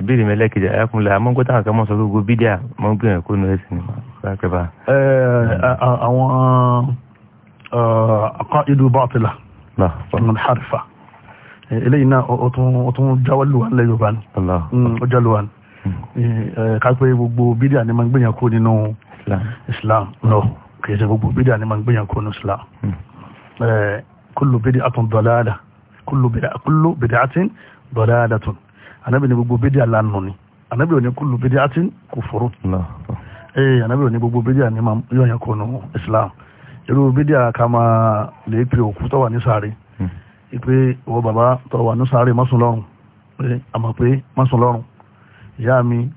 ìbéèrè mi lẹ́kẹ̀jẹ̀ ayákùnlé àmọ́ nǹkan táwọn kan mọ̀ sọ pé gbogbo bídíà mọ́ gbìyànjú kó nu ẹ̀sìn kẹ́kẹ́bà. Eh, àwọn akọ́ ìlú bọ́ọ̀tìlà ọ̀nà harifa eléyìí náà ó tún jáwọ́ lùwà ńlẹ̀ yorùbá ni hmm, ó jáwọ́ lùwà ni kápẹ́ gbogbo bídíà ni máa ń gbìyànjú kó nínú islam no kìí ṣe gbogbo bídíà ni máa ń gbìyànjú kó nínú islam hmm. eh, kullu bid'atin dalala kullu bid'atin dalalatun anábì ní gbogbo bídíà lánàá ni anábì ò ní kullu bid'atin kufurun ee eh, anábì ò ní gbogbo bídíà ni máa ń yọ̀yàn kó nínú islam irú bídíà ká máa lè pe òkú tó wà ní sáré ipe hmm. ìwọ bàbá tó wà ní sáré mọ́sùn lọ́rùn eh, àmọ́ pé ìyá mi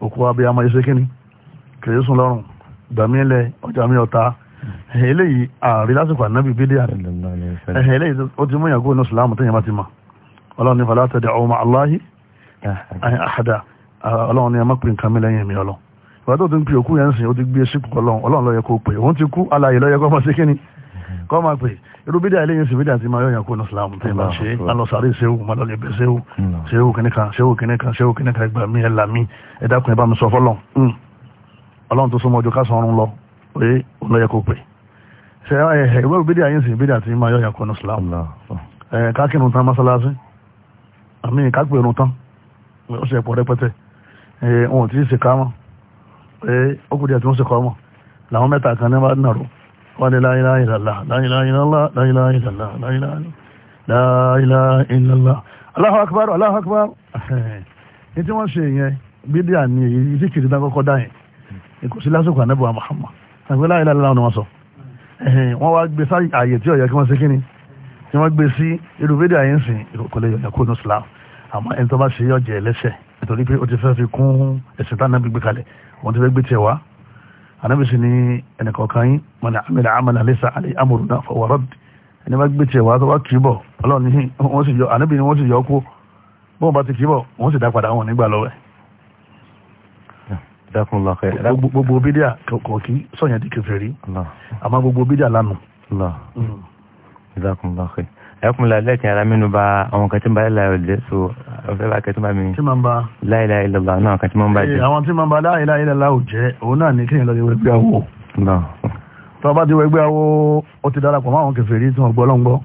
òkú abiyamọ ma kínní kèrè sùn lọ́rùn gbàmílẹ̀ ọjà mi ọ̀tá eléyìí ààrí lásìkò ànábì bídé àrí eléyìí ó ti mú ìyàgò ní sùlámù tó yẹn bá ti mọ̀ ọlọ́run ní ma dẹ̀ ọmọ aláhi àhàdà ọlọ́run ní ẹmọ́ pè nǹkan mi mi ìwà tó ti ń pè òkú yẹn sìn ó ti gbé yẹ kó pè òun ti kú yẹ kó máa pè irú bídà eléyìí sì bídà ti máa yọ̀yàn kó ní islam tí ma ṣe alọ́sàrí ṣéwù mọ́lọ́lẹ̀ bẹ ṣéwù ṣéwù kìnìkan ṣéwù kìnìkan ṣéwù kìnìkan ìgbà mi ẹ̀là mi ẹ̀dákùn ẹ̀ bá mi sọ fọ́lọ́n hmm. ọlọ́run tó súnmọ́ ọjọ́ kásán ọ̀run lọ pé òun lọ́yẹ kó pè ṣe ẹ̀ irú bídà yìí sì bídà ti máa yọ̀yàn kó ní islam kákìrun tán mọ́sálásí àmì kápẹ̀rún tán ó ṣe pọ̀ rẹpẹtẹ wọn ò tí ì wọ́n ní láìláà ìlàlá láìláà ìlàlá láìláà ìlàlá láìláà ìlàlá Allahu akbar Allahu akbar ní tí wọ́n ṣe yẹn bídí àní èyí tí kìrìtà kọ́kọ́ dá yẹn kò sí lásìkò ànẹ́bù Muhammad àgbẹ̀ láìláà ìlàlá ni wọ́n sọ wọ́n wá gbé sáyé àyè tí ọ̀yẹ́ kí wọ́n ṣe kíni tí wọ́n gbé sí irú bídí àyè ń sìn ìkọ̀lẹ̀ yọ̀yẹ̀kúnú Islam àmọ́ ẹni tó bá ṣe yọ̀jẹ̀ lẹ́sẹ̀ nítorí pé ó ti fẹ́ fi kún ẹ̀sìn tánà gbígbé kalẹ̀ wọ́n ti fẹ́ gbé tiẹ̀ wá anábì sí ní ẹnìkọ̀ọ̀kan yín mọ̀nà àmìlà àmàlà lẹ́sà àlẹ́ amòrò náà fọwọ́ rọ́bì ẹni bá gbé tiẹ̀ wá tó bá kì í bọ̀ ọlọ́run ní wọ́n sì yọ anábì ni wọ́n sì yọ kú bó wọn bá ti kì í bọ̀ wọ́n sì dá padà wọn nígbà lọ́wẹ́. gbogbo bídíà kò kí sọ̀yàn di kèfèrí gbogbo bídíà lánàá ẹkùn lálẹ́ tí ara mẹ́nu bà àwọn kan tí ń bá láìláì ọ̀dẹ́ so ọ̀fẹ́ bá kẹtí mi láìláì ìlọ́lá náà kan tí mọ́ ń bá jẹ́ eh, àwọn tí mọ́ ń bá láìláì ìlọ́lá ò jẹ́ òun náà ní kíyàn lọ́dẹ̀ wẹgbẹ́ awo tó bá ti wẹgbẹ́ awo ó ti darapọ̀ mọ́ àwọn kèfèrí tí wọ́n gbọ́ lọ́ngbọ́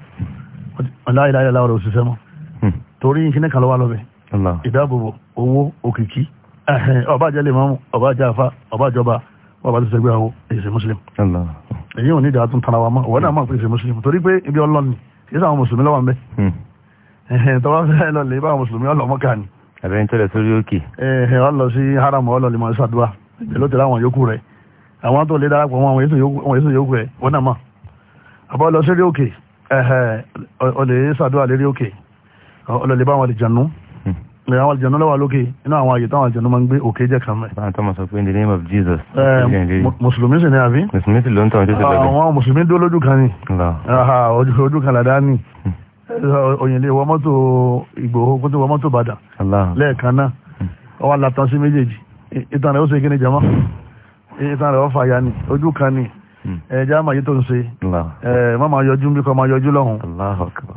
láìláì ìlọ́lá ọ̀rọ̀ òṣìṣẹ́ mọ́ hmm. torí kíní kan ló wà lọ́bẹ̀ ìdáàbòbò owó òkìkí ọba jẹ́ lè mọ́mú ọba jẹ́ afá ọba jọba ọba ti sẹgbẹ́ awo èsì muslim. èyí ò ní ìdá tún tara wa mọ́ ọ̀wọ́n náà mọ̀ pé èsì mùsùlùm torí pé ibi ọlọ́ni kìí sàwọn mùsùlùmí lọ́wọ́ mẹ́ hmm. tọ́wọ́ fẹ́ lọ lè bá mùsùlùmí ọlọ́mọ́ká ni ẹ̀bẹ̀ tó lẹ̀ sórí òkè ọlọ sí haramu ọlọ lè máa ṣàdúrà ló tẹ̀lé àwọn yòókù rẹ̀ àwọn tó lè darapọ̀ wọn àwọn èso yòókù rẹ̀ wọn náà mọ̀ àbọ̀ ọlọ sórí òkè ọlẹ̀ ṣàdúrà lérí òkè ọlọ lè bá wọn lè jànú lẹ́yìn àwọn àlìjẹ̀nú lẹ́wà lókè inú àwọn àyè táwọn àlìjẹ̀nú máa ń gbé òkè jẹ́ kan mẹ́. sọ pé in the name of Jesus. mùsùlùmí sì ni àbí. mùsùlùmí sì ló ń tọ́ ojú sílẹ̀ lọ. àwọn mùsùlùmí dó lójú kan ni. ojú kan làdá ni. òyìnlẹ̀ wọ mọ́tò Ìgbòho kó tó wọ mọ́tò Ìbàdàn. lẹ́ẹ̀kan náà ọwọ́ àlàtàn sí méjèèjì ìtàn rẹ̀ ó ṣe kí ni jama ìtàn rẹ̀ ó fàyà ni ojú kan ni ẹjá máa yí tó ń ṣe ẹ máa yọjú bí kò máa yọjú lọ́hùn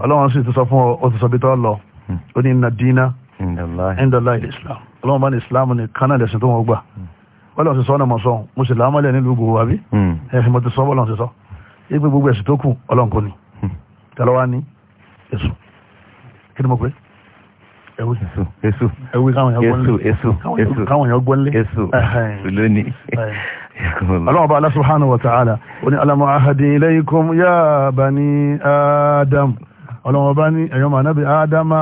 ọlọ́run sì ti sọ fún ọ ó ti sọ bí tọ́ lọ hmm. ó ní nàdínà indala islam ọlọ́run bá ní islam ní kánà lẹ́sìn tó wọ́n gbà ọlọ́run ti sọ ọ́nà mọ̀sán mo sì láàmọ́lẹ̀ nílùú gbogbo àbí hmm. ẹ̀fìn mo ti sọ ọlọ́run ti sọ ipe gbogbo ẹ̀sìn tó kù ọlọ́run kò ní hmm. tẹ́lọ́wá ní èso kí ni mo pé ẹ̀wù èso ẹ̀wù káwọn èèyàn gbọ́n lé èso lónìí ọlọ́run bá Allah subhanahu wa ta'ala ó ní alam ahadi ilaykum ya bani adam ọlọ́run bá ní ẹ̀yọ́ mànábì ádámà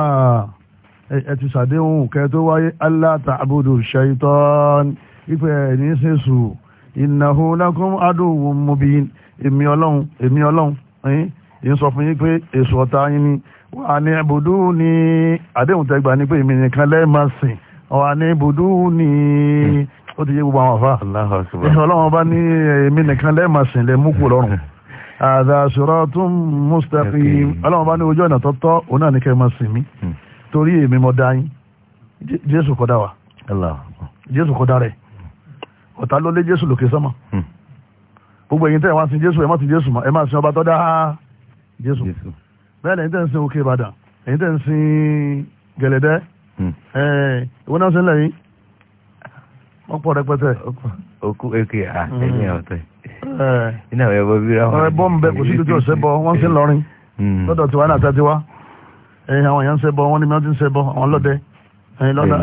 ẹ ti ṣàdéhùn kẹ tó wáyé allah ta'budu shaitan ipe ẹni ṣèṣù innahu lakum aduwwun mubin èmi ọlọ́run èmi ọlọ́run ẹ̀yìn yìí sọ fún yín pé èṣù ọ̀tá yín ni wà ní ibùdó ní àdéhùn tẹgbà ní pé èmi nìkan lẹ́ẹ̀mà sìn wà ní ibùdó ní ó ti yé gbogbo àwọn àfà èṣù ọlọ́run bá ní èmi nìkan lẹ́ẹ̀mà sìn lẹ́ẹ̀mú kù lọ́rùn àdà siratun mustaqim ọlọ́run bá ní ojú ọ̀nà tọ́tọ́ òun náà mí hmm. torí èmi mo dá jésù kọ́ wa jésù kọ́ rẹ̀ ọ̀tá ló jésù lòkè hmm. gbogbo ẹ̀yin tẹ́ ẹ̀ wá sin jésù ẹ̀ má jésù ẹ̀ má ọba tọ́ dá jésù bẹ́ẹ̀ lẹ́yìn tẹ́ ń sin òkè ìbàdàn ẹ̀yin tẹ́ ń sin gẹ̀lẹ́dẹ́ hmm. lẹ́yìn wọ́n pọ̀ rẹpẹtẹ. òkú èké à hmm. iná wọn. bẹ kò sí ọ̀sẹ̀ wọ́n Eh, àwọn èèyàn ń ṣẹbọ wọn ni wọ́n ti ń ṣẹbọ àwọn lọ́dẹ eh, lọ́dẹ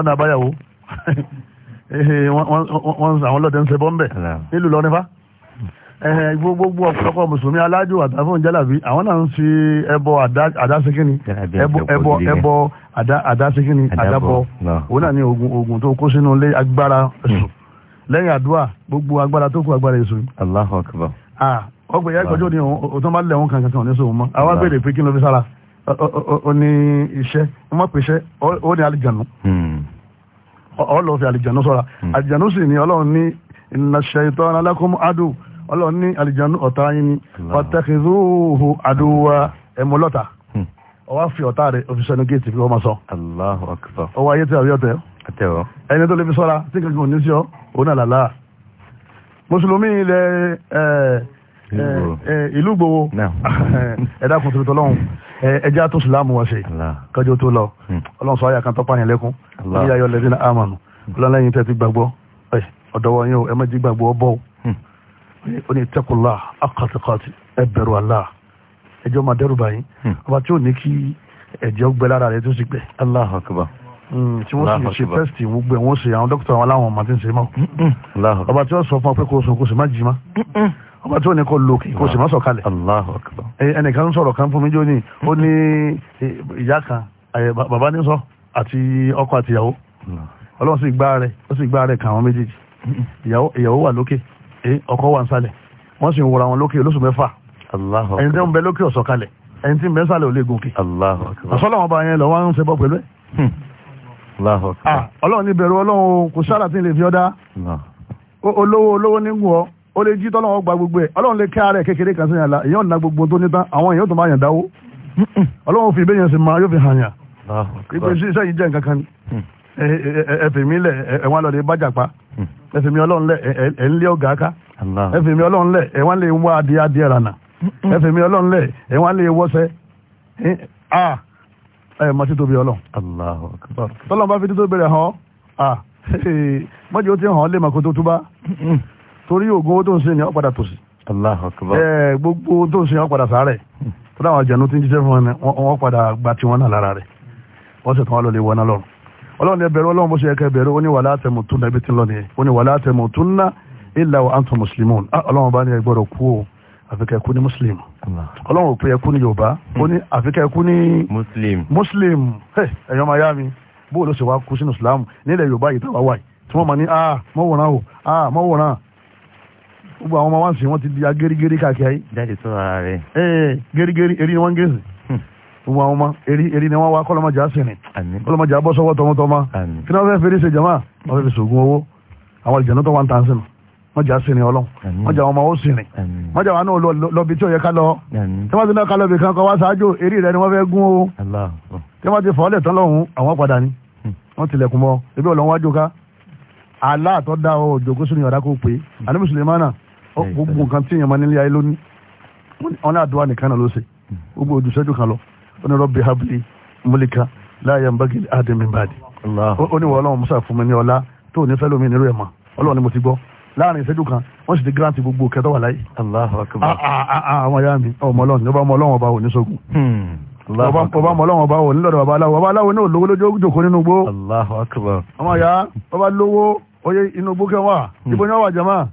hmm. àbáyàwó eh, wọ́n àwọn lọ́dẹ ń ṣẹbọ ń bẹ̀ nílùú lọ́nífà gbogbo ọ̀pọ̀lọpọ̀ mùsùlùmí aláàjò àtàfún jálàbí àwọn náà ń fi ẹbọ àdáṣekínni ẹbọ ẹbọ àdáṣekínni àdábọ òun náà ní oògùn tó kó sínú ilé agbára èṣù hmm. lẹ́yìn àdúrà gbogbo agbára tó kú agbára èṣù. Allahu akbar. Ah, ọgbẹ̀yà ìgbàjọ́ ni òun tó máa lẹ̀ wọn kankan kan ní sòun mọ́ àwọn abẹ́rẹ́ pé kí ló fi sára ó ní iṣẹ́ ọmọ pèsè ó ní alìjànú ọlọ́ọ̀ hmm. fi alìjànú sọ́ra alìjànú hmm. sì ní ọlọ́run ní inna shaytana lakum adu ọlọ́run ní alìjànú ọ̀tá yín ni fatakhizuhu aduwa ẹ̀mú lọ́ta ọwá hmm. fi ọ̀tá rẹ̀ òfìsẹ́nu géètì fi wọ́n máa sọ. Allahu akbar. ọwọ́ ayé tí a rí ọ̀tẹ̀. àtẹ̀wọ́. ẹni tó lè fi sọ́ra tí kankan ò ní sí ọ òun náà làlá. mùsùlùmí ilẹ̀ ìlú gbowó ẹ̀dá kùtùrùtọ̀ lọ́hùn ẹjá tó sùlámù wọn ṣe kájọ tó lọ hmm. ọlọ́run sọ àyà kan tọ́pá yẹn lẹ́kún ọlọ́run ayọ̀ lẹ́sìn àmànù hmm. ọlọ́run lẹ́yìn tẹ́ ti gbàgbọ́ ọ̀dọ́wọ́ yín o ẹ má jí gbàgbọ́ bọ́ hmm. ó ní tẹ́kùlá akọ̀tìkọ̀tì ẹ bẹ̀rù Allah ẹjọ́ máa dẹ́rù báyìí ọba tí ò ní kí ẹ̀jẹ̀ gbẹ lára rẹ tó sì gbẹ. Allahu akbar tí wọ́n sì ṣe pẹ́sìtì gbogbo ẹ̀ wọ́n ṣe àwọn dókítà wọn láwọn ọmọ tí ń ṣe mọ́ ọba tí wọ́n sọ ọba tí ó ní kó lókè kó sì má sọ̀kalẹ̀ ẹnìkan sọ̀rọ̀ kan fún mi jóni ó ní ìyá kan bàbá ní sọ àti ọkọ àti ìyàwó ọlọ́run sì gbá rẹ̀ ó sì gbá rẹ̀ kà wọ́n méjèèjì ìyàwó wà lókè ọkọ wà nsàlẹ̀ wọ́n sì ń wòra wọn lókè olóṣù mẹ́fà ẹni tí ń bẹ lókè ọ̀sọ̀kalẹ̀ ẹni tí ń bẹ nsàlẹ̀ ò lè gòkè àsọ́lọ́wọ́n bá yẹn lọ wọ́n ń ṣe bọ́ pẹ̀lú ẹ̀ hmm. ah, ọlọ́run ní bẹ̀rù ọlọ́run kò sára tí ń lè fi ọ́ dá olówó olówó nígùn ọ́ ó lè jí tọ́lọ́wọ́ gba gbogbo ẹ̀ ọlọ́run lè kí kékeré kan sẹ́yìn àlá èèyàn na gbogbo tó ní tán àwọn èèyàn tó máa yàn dáwó ọlọ́run fi ìbéyàn sí máa yóò fi hàn yàn ipe iṣẹ́ yìí jẹ́ nǹkan kan ẹ̀fìn mi mm. lẹ̀ ẹ̀wọ̀n lọ́dẹ bá jàpá mm. ẹ̀fìn mi ọlọ́run mi ọlọ́run lẹ̀ ẹ̀wọ̀n lè adìẹ adìẹ mi ọlọ́run lẹ̀ ẹ̀wọ̀n lè wọ́sẹ̀ ẹ̀ torí oògùn owó tó ń ṣe ni ó padà tòṣì gbogbo owó tó ń ṣe ni ó padà sàárẹ̀ tó dáwọn àjànú tí ń jíṣẹ́ fún ẹni wọ́n padà gba tiwọn náà lára rẹ̀ wọ́n sì tán wá lọ́lẹ̀ wọná lọ́rùn ọlọ́run ẹbẹ̀rù ọlọ́run bó ṣe ẹ̀kẹ́ ẹbẹ̀rù ó ní wàlá tẹ̀mùtúnná ibi tí ń lọ nìyẹn ó ní wàlá tẹ̀mùtúnná illa wa antum muslimun ah, ọlọ́run bá ní ẹ gbọ́dọ̀ kú o muslim ọlọ́run ò pé ẹkú yorùbá ó ní àfikẹ́ ẹkú ní muslim ẹ̀yọ́ máa yá mi bóòlù ó wá kú sínú islam nílẹ̀ yorùbá yìí táwa wáyì tí wọ́n máa ní ah mọ́wòrán o ah mọ́wòrán gbogbo àwọn ọmọ wa ń sìn wọ́n ti di agérigéri káàkiri ayé. jáde tó ara rẹ. ee gérigéri eri ni wọ́n ń gé sìn. Hmm. gbogbo àwọn ọmọ eri eri ni wọ́n wá kọ́lọ́mọjà sìnì. kọ́lọ́mọjà bọ́ sọ́wọ́ tọmọtọmọ. kí náà fẹ́ fèrè ṣe jama wọ́n fẹ́ fi sògùn owó àwọn ìjànà tó wà ń tàn sínú mọ̀jà sìnì ọlọ́ mọ̀jà ọmọ ó sìnì mọ̀jà wa náà lọ bí tí ò yẹ ká lọ tí wọ́n ti náà ká lọ bí kan kọ́ wá ṣáájú eré rẹ ni wọ́n fẹ́ gún o tí wọ́n ti fọ́ọ́lẹ̀ tán lọ́hùn àwọn padà gbogbo nǹkan tí èèyàn máa nílé ayé lónìí wọn ní àdúrà nìkan náà ló ṣe gbogbo ojúṣẹ́jú kan lọ ó ní rọ́bì habili múlíkà láàyè àmbági àdèmí bàdì ó ní wọ́n ọlọ́run musa fún ọlá tó ní fẹ́lómi nírú ẹ̀ mọ́ ọlọ́run ni mo ti gbọ́ láàrin ìṣẹ́jú kan wọ́n sì ti grant gbogbo kẹtọ wà láyé. Ah, ah, ah, àwọn ya mi ọmọ ọlọ́run ọba ọmọ ọlọ́run ọba ò ní sógun hmm. ọba ọmọ ọlọ́run ọba ò ní lọ́dọ̀ baba aláwo baba aláwo ní olówó lójó jòkó nínú hmm. ni wọ́n wà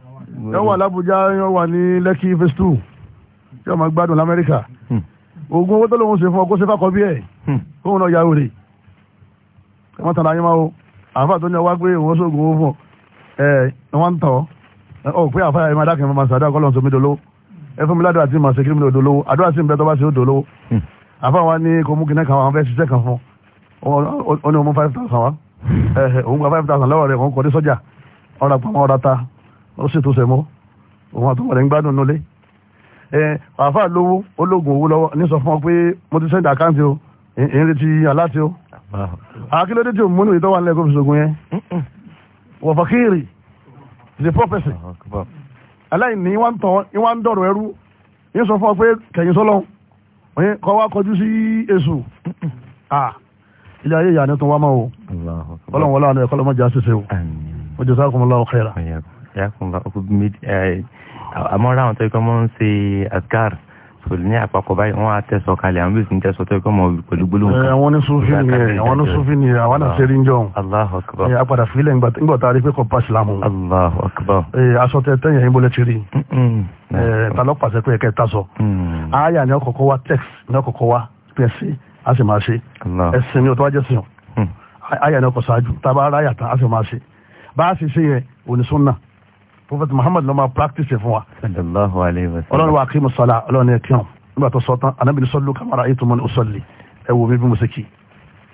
yọ wà lábújá yọ wà ní lẹ́kì phase two yọ máa gbádùn lamẹ́ríkà hmm. oògùn owó tó lóun ṣe fún ọkọ ṣẹfà kọ bí ẹ hmm. kóun náà yàwó rè wọn tàn láyé máa tó ní ọwá pé òun ṣoògùn owó fún ẹ wọn ń ọ pé àáfà yà máa dákẹ́ máa sàdá ọkọ lọ́n sọmi ẹ fún mi ládùn àti màá ṣe mi lò dolówó àdúrà sí mi bẹ́ẹ̀ tó bá ṣe ó dolówó hmm. àáfà wa ní kò mú kinní kan àwọn fẹ́ ṣiṣẹ́ kan fún ọ ní òun mú five thousand wa òun gba five thousand lọ́wọ́ rẹ̀ òun kọ́ dé sọ́jà ọ̀rọ̀ àpamọ́ ọ̀rọ̀ ta ó sì tún sẹ̀mọ́ òun àtúmọ̀ rẹ̀ ń gbádùn nulẹ̀ ẹ àfà lówó ológun owó lọ́wọ́ ní sọ fún ọ pé mo ti sẹ́ndà àkáǹtì o èyí retí aláti o àkílódé tí o múnú ìtọ́wà nílẹ̀ gómìnà ogun yẹn wọ̀fọ̀ kéèrè the prophecy aláìní ìwà ń dọ̀rọ̀ ẹrú yín sọ fún ọ pé kẹ̀yìn sọ́lọ́ kọ́ wá kọjú sí èṣù ilé ayé ìyá ni tó wá mọ́ o ọlọ́run wọlé àwọn ẹ̀kọ́ lọ́mọdé àṣìṣe o ojú sáà kọ́mọlá ọ̀kẹ́ra. Ya àmọ́ ráwọn tó kọ́ mọ́ ń ṣe àtgár pẹ̀lú ní àpapọ̀ báyìí wọ́n á tẹ̀sọ̀ kalẹ̀ àwọn bèsì ń tẹ̀sọ̀ tó kọ́ mọ́ pẹ̀lú gbólóhùn kan. àwọn ní sunfin ni àwọn ní sunfin ni àwọn náà ṣeré ń jọun. Allahu akbar. a padà filẹ̀ ńgbà tá a rí pé kò pa ìsìlámù. Allahu akbar. aṣọ tẹ tẹyìn ẹyin bọlẹ ti rí. ta ló pàṣẹ pé ẹkẹ tasọ. aya ni ọkọ̀ọ̀kọ̀ wa tex ni ọkọ̀ọ̀kọ̀ wa pẹ̀sì a sì máa ṣe. ẹsìn ni o tó wá jẹ́ sìn. aya ni ọkọ̀ ṣáájú tá a bá ráyà tán a sì máa ṣe. bá a sì ṣe yẹn òní sunna prophet muhammad ló máa practice fún wa. sallallahu alayhi wa sallam. ọlọ́run wa aqimu sala ọlọ́run ẹ̀ kíọ̀n nígbà tó sọ tán anabi ní sallu kama ra'aytumuni usalli ẹ wo mi bí mo ṣe kí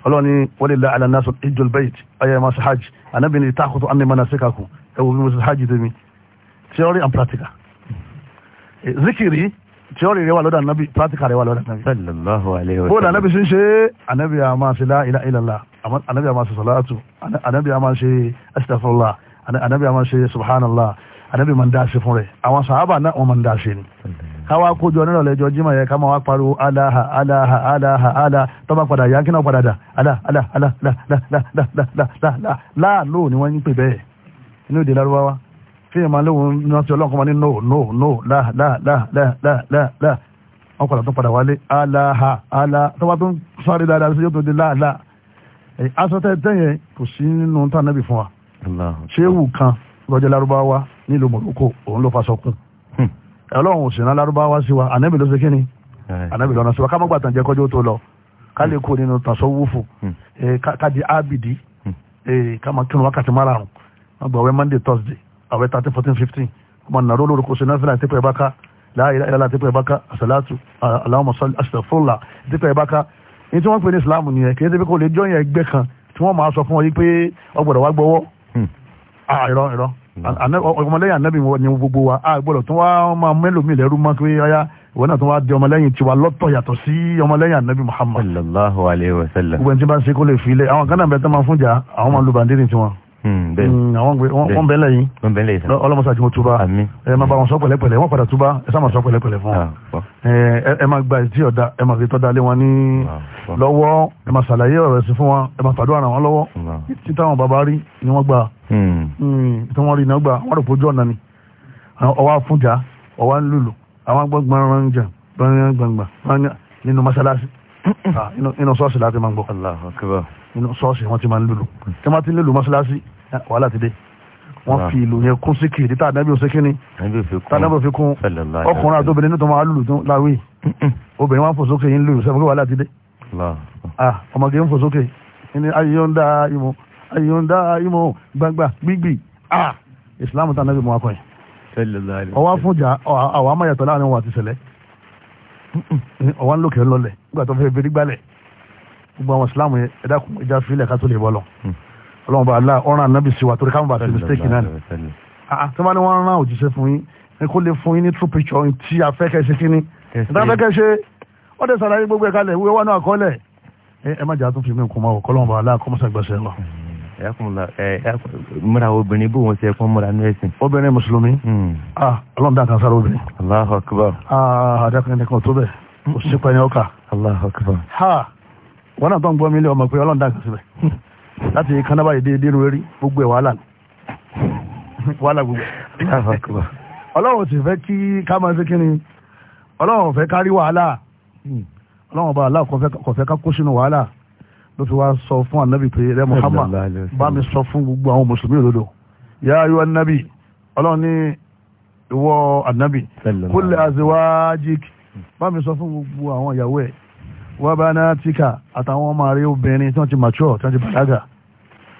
ọlọ́run ní walillahi ala nas hijjul bayt ayé ma ṣe hajj anabi ní ta'khudhu anni manasikakum ẹ wo bí mo ṣe hajj tèmi theory and practical zikiri tíọ́rì rẹ̀ wà lọ́dọ̀ ànábì pàtíkà rẹ̀ wà lọ́dọ̀ ànábì. sallallahu alayhi wa sallam. bóòdà ànábì ṣe ànábì a máa ṣe la ilaha illallah ànábì a máa ṣe salatu ànábì a máa ṣe astaghfirullah anabi àwọn ṣe subhanallah anabi máa ń dáṣe fún rẹ̀ àwọn sàhábà náà wọ́n máa ń dáṣe ni káwá kójú ọ̀nà lẹ́jọ́ jímọ̀ yẹ ká máa wá pariwo aláha aláha aláha alá tọ́ba padà yá kínà padà dà alá alá alá láàló ni wọ́n ń pè bẹ́ẹ̀ inú ìdè lárúbáwá fíyàn máa lóhun ní wọ́n ti ọlọ́nkọ́ máa ní no no no láà láà láà láà láà wọ́n padà tó padà wálé aláha alá tọ́ba tó ń sáré dáadáa sí yóò tó di láà láà asọ́tẹ́ tẹ́yẹ kò sí nínú tánàbì fún wa ṣéwù kan lọ́jọ́ lárúbáwá nílùú mọ̀lúkọ òun ló faṣọ kún hmm. ọlọ́run òsì náà lárúbáwá sí wa ànábì ló ṣe kí ni ànábì lọ́nà sí wa ká má gbàtàn jẹ́ kọjú tó lọ ká lè hmm. kó nínú tasawufu hmm. ká di ábìdí ká máa wákàtí márùn ún gbàwé monday thursday àwẹ̀ thirteen fourteen fifteen ọmọ nàró lórí kò sí náà fúnra ìtẹ́pẹ́ ìbáka láàyè ìlàlá ìtẹ́pẹ́ ìbáka àṣàlátù aláwọ̀ sọ́lá àṣàfọ́là ìtẹ́pẹ́ ìbáka ní tí wọ́n pè ní islam nìyẹn kì í ṣe pé kò lè jọyìn ẹgbẹ́ Ah, irọ́ irọ́ hmm. ọmọlẹ́yìn anabi ni gbogbo wa a gbọ́dọ̀ tún wá ọmọ mẹ́lòmíì lẹ́rú mọ́ pé ọyá ìwọ náà tún wá di ọmọlẹ́yìn tiwa lọ́tọ̀ yàtọ̀ sí ọmọlẹ́yìn anabi Muhammad. sallallahu alayhi wa sallam. gbogbo ẹni tí bá ń ṣe kó lè fi ilé àwọn kan náà bẹ tán máa fún jà àwọn máa lu bàndínì tiwọn. Hmm, hmm, wọ́n bẹ̀lẹ̀ yìí ọlọ́mọsá tí mo túbá ẹ máa bá wọn sọ pẹ̀lẹ́pẹ̀lẹ́ wọ́n padà túbá ẹ sáà máa sọ pẹ̀lẹ́pẹ̀lẹ́ fún wọn ah, ẹ máa gba ìtí ọ̀dà ẹ máa fi tọ́da lé wọn ní ah, lọ́wọ́ ẹ máa ṣàlàyé ọ̀rọ̀ ẹ̀sìn fún wọn ẹ máa fàdúrà ràn wọ́n lọ́wọ́ títí ah. táwọn bàbá rí ni wọ́n gbà hmm. tí wọ́n rí iná gbà wọ́n rò pójú ọ̀nà ni ọwọ́ fúnjà ọwọ́ lùlù àwọn gbọ́ngbọ́n nínú mọ́sálásí inú sọ́ọ̀sì láti máa ń gbọ́ inú sọ́ọ̀sì wọ́n ti máa ń lùlù tí wọ́n ti ń lùlù mọ́sálásí wàhálà ti dé wọ́n fi ìlú yẹn kún sí kìrì tá àdábì òsèké ni tàdábì òfin kún ọkùnrin àti obìnrin nítorí máa lùlù tún láwé obìnrin wọn fò sókè yín lùlù sẹ́fún wàhálà ti dé ọmọge ń fò sókè ní ayéyọ́ndá imú ayéyọ́ndá imú gbangba gbígbì islam tán náà bí mo wá kọ́ yẹn ọwá fún jà àwọn amáyàtọ̀ láàrin wọn àti sẹ̀lẹ̀ ọwá ń lókè lọlẹ̀ nígbà tó fẹ́ bẹ́ẹ̀ gbálẹ̀ gbogbo àwọn islam yẹn ẹ̀dá ìjà fílẹ̀ ká tó lè bọ́ lọ mm ọlọ́run bá aláà ọ̀ràn anábì sí wa torí káwọn bá ti mistake náà àti wọn ni ah, wọn rán òjíṣẹ́ fún yín ẹ kó lè fún yín ní true picture tí a fẹ́ kẹ́ ṣe kí ni ìta fẹ́ kẹ́ ṣe ó dẹ̀ sàlàyé gbogbo ẹ̀ kalẹ̀ wíwá náà kọ́lẹ̀ ẹ má jà tún fi mí kún mọ́ ọ̀kọ́ lọ́wọ́ bá aláà kọ́mọ́sà gbẹ̀sẹ̀ wa. múra obìnrin bó wọn ṣe fún múra ní ẹ̀sìn. obìnrin mùsùlùmí hmm. ah, ọlọ́run dá kan sára obìnrin. Allahu Akbar. àdàkùnrin ah, nìkan tó bẹ̀ kò sí pẹ́yìn ọkà. Allahu Akbar. wọn náà tó ń gbọ́ mi lé ọmọ pé ọlọ́run dá kan síbẹ̀ láti kánábà yìí dé dérú eré gbogbo ẹ̀ wàhálà wàhálà gbogbo. ọlọ́run sì fẹ́ kí ká máa ṣe kíni ọlọ́run fẹ́ kárí wàhálà ọlọ́run bá aláà kò fẹ́ ká kó sínú wàhálà ló fi wá sọ fún anabi pé rẹ Muhammad bá mi sọ fún gbogbo àwọn mùsùlùmí òdodo yá ayọ anabi ọlọ́run ní ìwọ anabi kúlẹ̀ aziwájíkì bá mi sọ fún gbogbo àwọn ìyàwó ẹ̀ wọ́n bá náà tíkà àtàwọn ọmọ rẹ̀ obìnrin tí wọ́n ti mature tí wọ́n ti bàlágà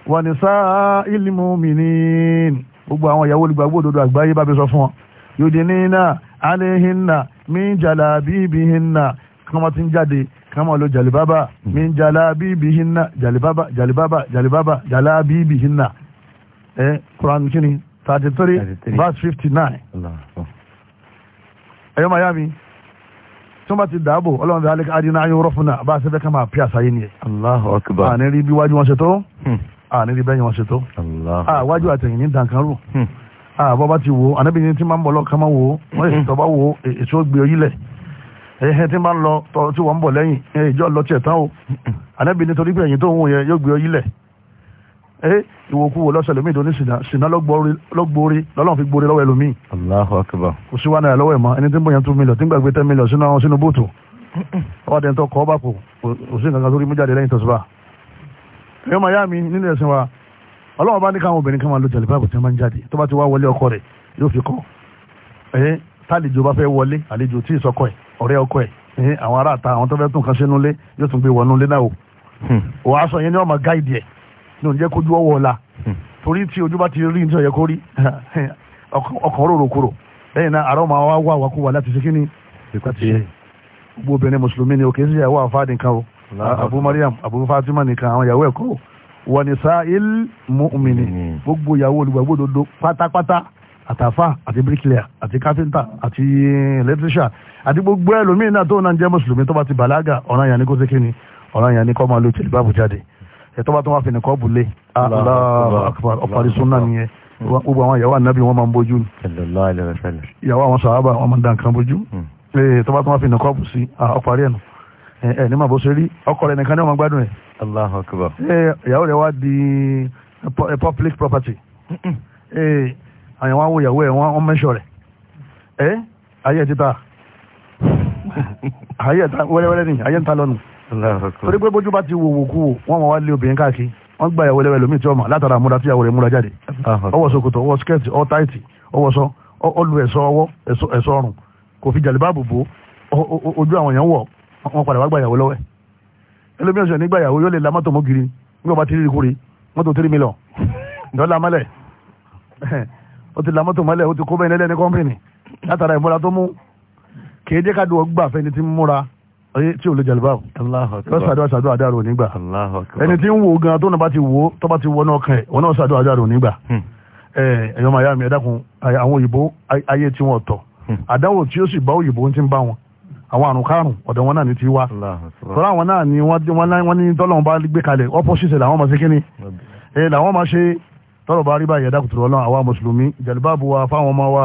wà ní sáà ìlímù mìíní gbogbo àwọn ìyàwó olùgbàgbọ́ òdodo àgbáyé bá fi sọ fún wọn yudinina alehinna min jalabibihinna kí wọ́n ti ń jáde kí wọ́n lo jalibaba min jalabibihinna jalibaba jalibaba jalibaba jalabibihinna ẹ kuran kini thirty three verse fifty nine ẹ̀yọ́ miami tí wọ́n bá ti dáàbò ọlọ́run bí alẹ́ adínà ayé rọ́fúnà bá a ṣe fẹ́ pí àṣà yìí nìyẹn. Allahu akbar. àní rí bí wájú wọn ṣe tó. Hmm àní ah, rí bẹ́yìn wọn ṣètò àwájú ah, àtẹ̀yìn ní dànkan rù àbọ̀ hmm. ah, bá ti wo ànábì ní tí máa ń bọ̀ lọ́ọ́ ká máa wo wọ́n èsì hmm. tọ́ bá wo èso gbé oyí lẹ̀ ẹ̀hẹ́ tí máa ń lọ tọ́ tí wọ́n ń bọ̀ lẹ́yìn ìjọ lọ tiẹ̀ tán o hmm. ànábì ní torí pé ẹ̀yìn tó ń wò yẹn yóò gbé oyí lẹ̀ ẹ ìwòkú wo lọ́sẹ̀ lómi ìdóní sìnà sìnà lọ́gbóore lọ́lọ́run fi gbóore lọ́wọ́ ẹlòmíì. Allahu akbar. kò sí wa náírà lọ́wọ́ ẹ̀ mọ́ ẹni tí ń bọ̀ yẹn two million tí ń gbàgbé ten million sínú bóòtù ọ̀dẹ̀ ń tọ́ kọ́ bá kò kò sí nǹkan kan tó ẹ̀yọ́ màá yá mi nínú ẹ̀sìn wa ọlọ́run bá ní káwọn obìnrin kan máa lo jẹ̀lẹ̀báàbù tí wọ́n máa ń jáde tó bá ti wá wọlé ọkọ rẹ̀ yóò fi kọ́ ẹ̀yẹ́ tálejò bá fẹ́ wọlé àlejò tí ìsọkọ ẹ̀ ọ̀rẹ́ ọkọ ẹ̀ ẹ̀yẹ́ àwọn ará àta àwọn tó fẹ́ tún kan sínú ilé yóò tún gbé wọnú ilé náà o òun hmm. aṣọ yẹn ni wọ́n máa gáìdì ẹ̀ ní òun jẹ́ ọwọ́ ọ̀la hmm. torí tí ojú bá ti rí ní ọ̀yẹ́ kó ọkàn rò rokoro lẹ́yìn abu mariam abu fatima nìkan àwọn ìyàwó ẹ̀kọ́ wọ́n ní sa'il mu'mini gbogbo ìyàwó olùgbàgbọ́ òdodo pátápátá àtàfà àti bíríkìlẹ̀ àti káfíńtà àti ẹlẹ́tíríṣà àti gbogbo ẹlòmíì náà tó náà jẹ́ mùsùlùmí tó bá ti bàlágà ọ̀ràn yàn ní kó sékè ni ọ̀ràn yàn ní kó máa lo tìlú báàbù jáde ẹ̀tọ́ bá tó wá fi nìkan bù lé akbar ọ̀parí súnà nìyẹn gbogbo àwọn ìyàwó ni ìyàwó àwọn sàhábà wọn máa ń dá nǹkan bójú hmm. ẹ̀tọ́ bá tó wá fi nìkan bù sí ẹ ẹ ní ma bó ṣe rí ọkọ rẹ nìkan ní ọmọ gbádùn ẹ. Allahu Akbar. ẹ ìyàwó rẹ wá di public property. ẹ àyàn wá wo ìyàwó ẹ wọn mẹsọ rẹ ẹ ayé ti ta ayé ta wẹ́rẹ́wẹ́rẹ́ ni ayé ń ta lọ́nu. Allahu Akbar. torí pé bójú bá ti wò wò kú wò wọ́n mọ̀ wá lé obìnrin káàkiri wọ́n gba ìyàwó lẹ́wẹ̀ lómi tí ọmọ látara múra tí ìyàwó rẹ̀ múra jáde ọwọ́ ṣòkòtò ọwọ́ skẹ́ẹ̀tì ọwọ́ táìtì ọwọ́ sọ ọlù ẹ̀ṣọ́ ọwọ́ ẹ̀ṣọ́ ọrùn kò fi jàlíbáàbù bò ojú àwọn èèyàn wọ̀ wọn padà wá gba ìyàwó lọ́wọ́ ẹ̀ ẹlòmíràn sọ nígbà ìyàwó yóò lè la mọ́tò mọ́ kiri nígbà bá tiri kúri mọ́tò tiri mílọ̀ dọ́là mọ́lẹ̀ ó ti la mọ́tò mọ́lẹ̀ ó ti kó bẹ́ẹ̀ nílẹ̀ ní kọ́mpìnì látara ìmúra tó mú kì í jẹ́ ká dùn ọgbà fẹ́ni tí ń múra oye tí o lè jàlùbá o yọ sàdúrà sàdúrà àdàrò nígbà ẹni tí ń wo gan tó nàbà ti wo tó bá ti wọ náà kàn hmm. ẹ wọn náà sàdúrà àdàrò nígbà ẹyọ màá yá mi ẹ dákun àwọn òyìnbó ayé tí wọn tọ hmm. àdáwò tí ó sì bá òyìnbó ti bá wọn àwọn àrùn kárùn ọ̀dọ̀ wọn náà ní ti wá tọ́lá àwọn náà ni wọ́n ní tọ́lọ́run bá gbé kalẹ̀ opposite làwọn máa ṣe kíni ẹ eh, làwọn máa ṣe tọ́lọ̀ bá rí báyìí ẹ̀dá kùtùrọ̀ ọlọ́run àwa mùsùlùmí jẹ̀lúbàbù wa fáwọn ọmọ wa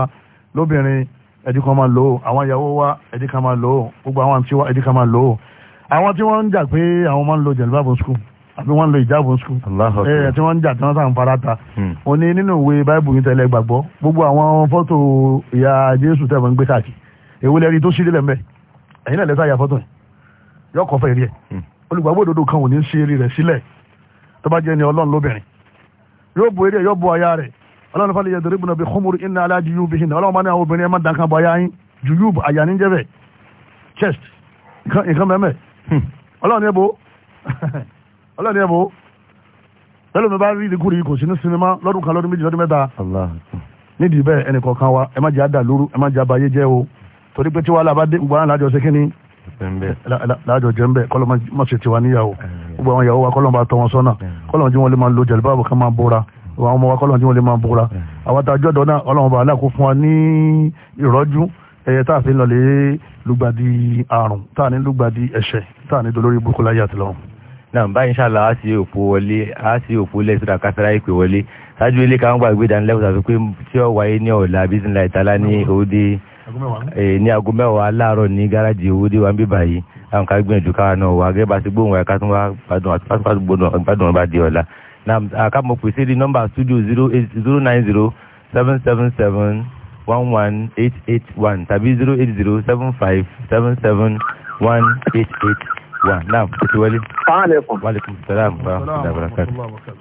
lóbìnrin ẹ̀dí kan máa lò ó àwọn ìyàwó wa ẹ̀dí kan máa lò ó gbogbo àwọn àǹtí wa ẹ̀dí kan máa lò ó àwọn tí wọ́n ń jà pé àwọn máa ń lo jẹ̀lúbàbù school àbí wọ́n ń lo ìjáàbù school ẹ̀ eh, tí wọ́n ń jà tí wọ́n sàn fara ta hmm. ó ní nínú ìwé báìbù yìí tẹ̀lé gbàgbọ́ gbogbo àwọn fọ́tò ìyá Jésù tẹ̀ ẹ̀yin náà lẹ́sà yà fọ́tò yọ kọ́ fẹ́ rí ẹ̀ hmm. olùgbàgbọ́ òdodo kan ò ní ṣe eré rẹ̀ sílẹ̀ tó bá jẹ́ ni ọlọ́run lóbìnrin yóò bo eré ẹ̀ yóò bo aya rẹ̀ ọlọ́run fàlẹ̀ yẹ doribuna bi khumuri inna ala juyubihinna ọlọ́run bá ní àwọn obìnrin ẹ̀ má dankan bo aya yín juyub aya ní jẹ́bẹ̀ chest nǹkan mẹ́mẹ́ hmm. ọlọ́run ẹ̀ bo ọlọ́run ẹ̀ bo lọ́dún mi bá rí ìdíkùrì kò sí ní sinimá lọ́dún kan lọ́dún méjì lọ́dún mẹ́ta nídìí bẹ́ẹ̀ ẹnì kọ̀ọ̀kan wa ẹ má jẹ́ àdàlúrú ẹ má jẹ́ àbáyé jẹ́ o torí pé tí wàhálà bá dé gbogbo àwọn alájọ ṣe kíni láàjọ jẹ́ ń bẹ̀ kọ́lọ́ má ṣe tiwa níyàwó gbogbo àwọn ìyàwó wa kọ́lọ́ bá tọ́ wọn sọ́nà kọ́lọ́ jí wọn lè máa lo jẹ̀lúbáàbù kan máa bóra mm. àwọn ọmọ wa kọ́lọ́ jí wọn lè máa bóra àwọn àtàjọ́ dọ́nà ọlọ́run bá aláàkó fún wa ní ìrọ́jú ẹyẹ tá a fi ń lọlé lùgbàdì àrùn tá a ní lùgbàdì ẹ̀ṣẹ̀ tá a ní dolórí burúkú láyé àtìlọ́run náà báyìí ṣàlá á sí òpó wọlé á sí òpó lẹ́sìrà kásárá ìpè wọlé ṣáájú ilé káwọn gbàgbé ìdánilẹ́kọ̀ọ́ sàfikún tí ó wáyé ní ọ̀la bísí ńlá ìtàlá ní mm. òde Eh, ní aago mẹ́wàá láàárọ̀ ní gáràjì owóde wa ń bí báyìí àwọn kan gbìyànjú káwa náà wà gẹ́gẹ́ bá ti gbóhùn wa ẹ̀ka tó wá gbádùn àti pásítọ̀ gbádùn ọba di ọ̀la àkàmọ̀ pèsè di nọ́mbà studio zero eight zero nine zero seven seven seven one one eight eight one tàbí zero eight zero seven five seven seven one eight eight one náà kò ti wọlé. sàlẹ̀kùn. wàlẹ̀kùn sàlám wa rahmatulahi wa barakatuh.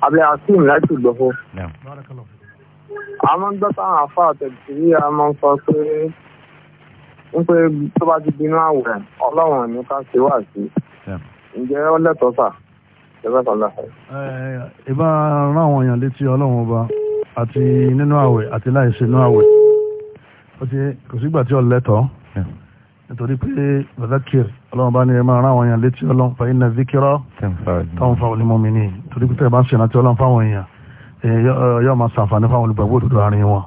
abẹ́ akeem láti gbọ́ fún. àwọn gbọ́dọ̀ àwọn afọ àtẹ̀tẹ̀ yìí a máa ń sọ pé wípé tó bá ti bínú àwẹ̀ ọlọ́run ní ká ṣe wà sí ǹjẹ́ ó lẹ́tọ̀ọ́ sà ṣẹ́fẹ́ kan lẹ́fẹ̀ẹ́. ìbá rán àwọn èèyàn létí ọlọ́run ọba àti nínú àwẹ̀ àti láìsí nínú àwẹ̀ ó ti kò sígbà tí ó lẹ́tọ̀ọ́ nítorí pé bàdákìrì ọlọ́run bá ní ẹ máa rán àwọn èèyàn létí ọlọ́run fa iná zikirọ́ táwọn fa olímọ̀ mi ní torí pé tẹ̀ bá ń ṣe ìrántí ọlọ́run fáwọn èèyàn yóò máa ṣàǹfààní fáwọn olùgbàgbọ́ òdodo àárín wọn.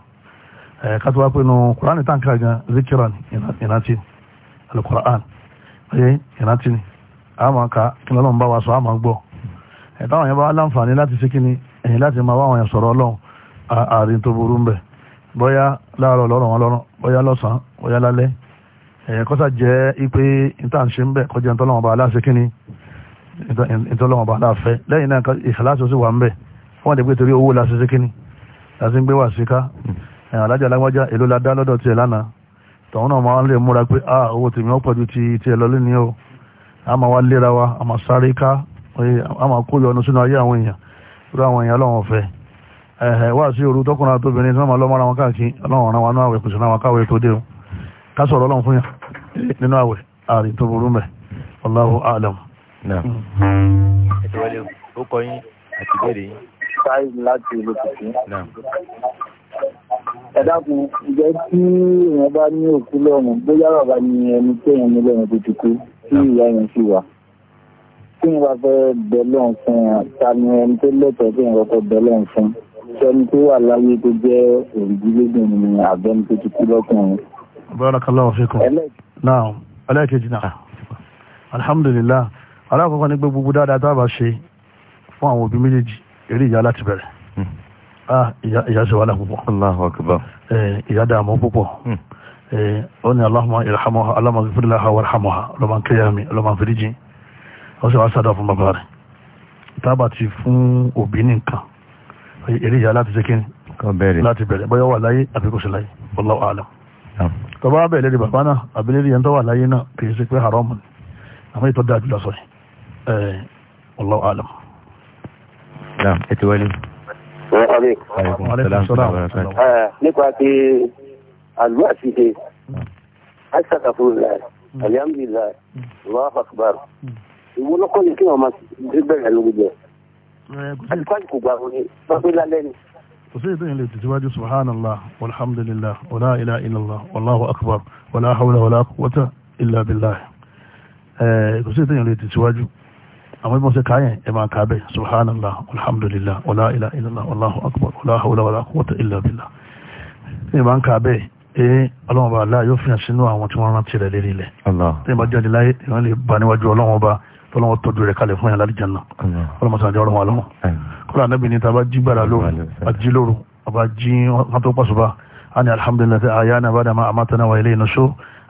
Eh, kátó wá pé nu kùránì tá n kíra gan zikira ni ìrántí alukur'an oye ìrántí ni a máa ka kí lọ́lọ́run bá wa sọ a máa gbọ́ ẹ̀dáwọn eh, yẹn bá láǹfààní láti ṣe kíni ẹ̀yìn eh, láti máa wáwọn yẹn sọ̀rọ̀ ọlọ́run ààrin tó burú ń bẹ̀ bóyá láàárọ̀ lọ́rọ̀ wọn lọ́rọ̀ bóyá lọ́sàn-án bóyá lálẹ́ ẹ̀yẹ kọ́sà jẹ́ ipe ìtànṣe ń bẹ̀ kọjá ìtọ́lọ́wọ̀n bá aláṣẹ kíni ìtọ́lọ́wọ̀n bá aláfẹ́ lẹ́yìn náà ìkàláṣọ sí wà ń bẹ̀ wọ́n torí owó láṣẹ sí láti ń gbé wà síká alájà alágbájá èló la dá lọ́dọ̀ tiẹ̀ lánàá tọ̀hún náà máa ń lè múra pé a ah, owó tèmi ọ̀pọ̀ ju ti tiẹ̀ lọ o a máa wá léra wa a máa sáré ká a máa kó yọnu sínú ayé àwọn èèyàn irú àwọn èèyàn lọ́wọ́n fẹ́ ẹ̀hẹ̀ wá sí òru tọkùnrin àtòbìnrin tí wọ́n máa lọ́ mọ́ra wọn káàkiri ọlọ́run ràn wọn o ẹ̀dàkùn ìjẹ́ tí èèyàn bá ní òkú lọ́rùn bóyá bàbá ni ẹni tẹ́yàn ní lọ́rùn tó ti kú tí ìyá yẹn sì wà tí wọ́n bá fẹ́ bẹ̀ lọ́rùn fún yàn ta ni ẹni tó lẹ́tọ̀ọ́ tí wọ́n kọ́kọ́ bẹ̀ lọ́rùn fún sẹ́ni tó wà láyé tó jẹ́ òrìdílégùn ni àbẹ́ni tó ti kú lọ́kùnrin. barakallahu fikum náà ẹlẹ́kejì náà alhamdulillah alákọ̀ọ́kọ́ ní gbé gbogbo dáadáa tá a bá ṣe fún àwọn òbí méjèèjì eré ìyá láti bẹ̀rẹ̀ Ah, ìyá ṣe wàhálà púpọ̀ Allahu akbar ìyá dààmú púpọ̀ hmm. ó ní aláhùnmá ìrìhàmọ́ha alámọ̀gbìfìrìláha wàrìhàmọ́ha lọ́mọ kíyàmí lọ́mọ fìríjì ó sì wá sádà fún bàbá rẹ̀ tábà ti fún òbí nìkan eré ìyá láti ṣe kíni láti bẹ̀rẹ̀ bọ́yọ̀ wà láyé àfikún sí láyé wallahu a'lam tọba bẹ̀rẹ̀ rí bàbá náà àbílẹ̀rí ẹ̀ntọ́ wà láyé náà kìí sí pé Eh, nípa ti àlú àṣìṣe àṣàkà hmm. fún ilẹ̀ hmm. alihamdulilayi hmm. allah akbar ìwọ lọ́kọ́ ni kí wọ́n máa ti bẹ̀rẹ̀ lórí bẹ̀ eh, àtìkọ́jì kò gbà wọlé pápẹ́ lálẹ́ ni. kò sí ìdíyìn lè tẹ̀síwájú subhanallah walhamdulillah wala ilaha illallah wallahu akbar wala hawla wala quwwata illa billah eh, kò sí ìdíyìn lè tẹ̀síwájú àwọn ibi ọ̀sẹ̀ káyẹ̀ ẹ máa kà bẹ́ẹ̀ subhanallah alhamdulillah wàlá ilà ilàlá wàláhu akbar wàláhu wàlá wàlá quwwata illa billah ní ìbá ń kà bẹ́ẹ̀ ee ọlọ́run ọba aláà yóò fihàn sínú àwọn tí wọ́n rántí rẹ̀ lérí ilẹ̀ tí ìbá jáde láyé ìwọ́n lè ba níwájú ọlọ́run ọba tọ́lọ́wọ́ tọ́jú rẹ̀ kalẹ̀ fún yàrá àlìjánnà ọlọ́run ọba ọlọ́run ọlọ́run kọ́lá anábì ní tàbá jí gbàrà lóru àjí lóru ọba jí wọn tó pàṣùbà á ní alhamdulilayi ayé àná bá dàmá àmàtánà wà ilé ìnáṣó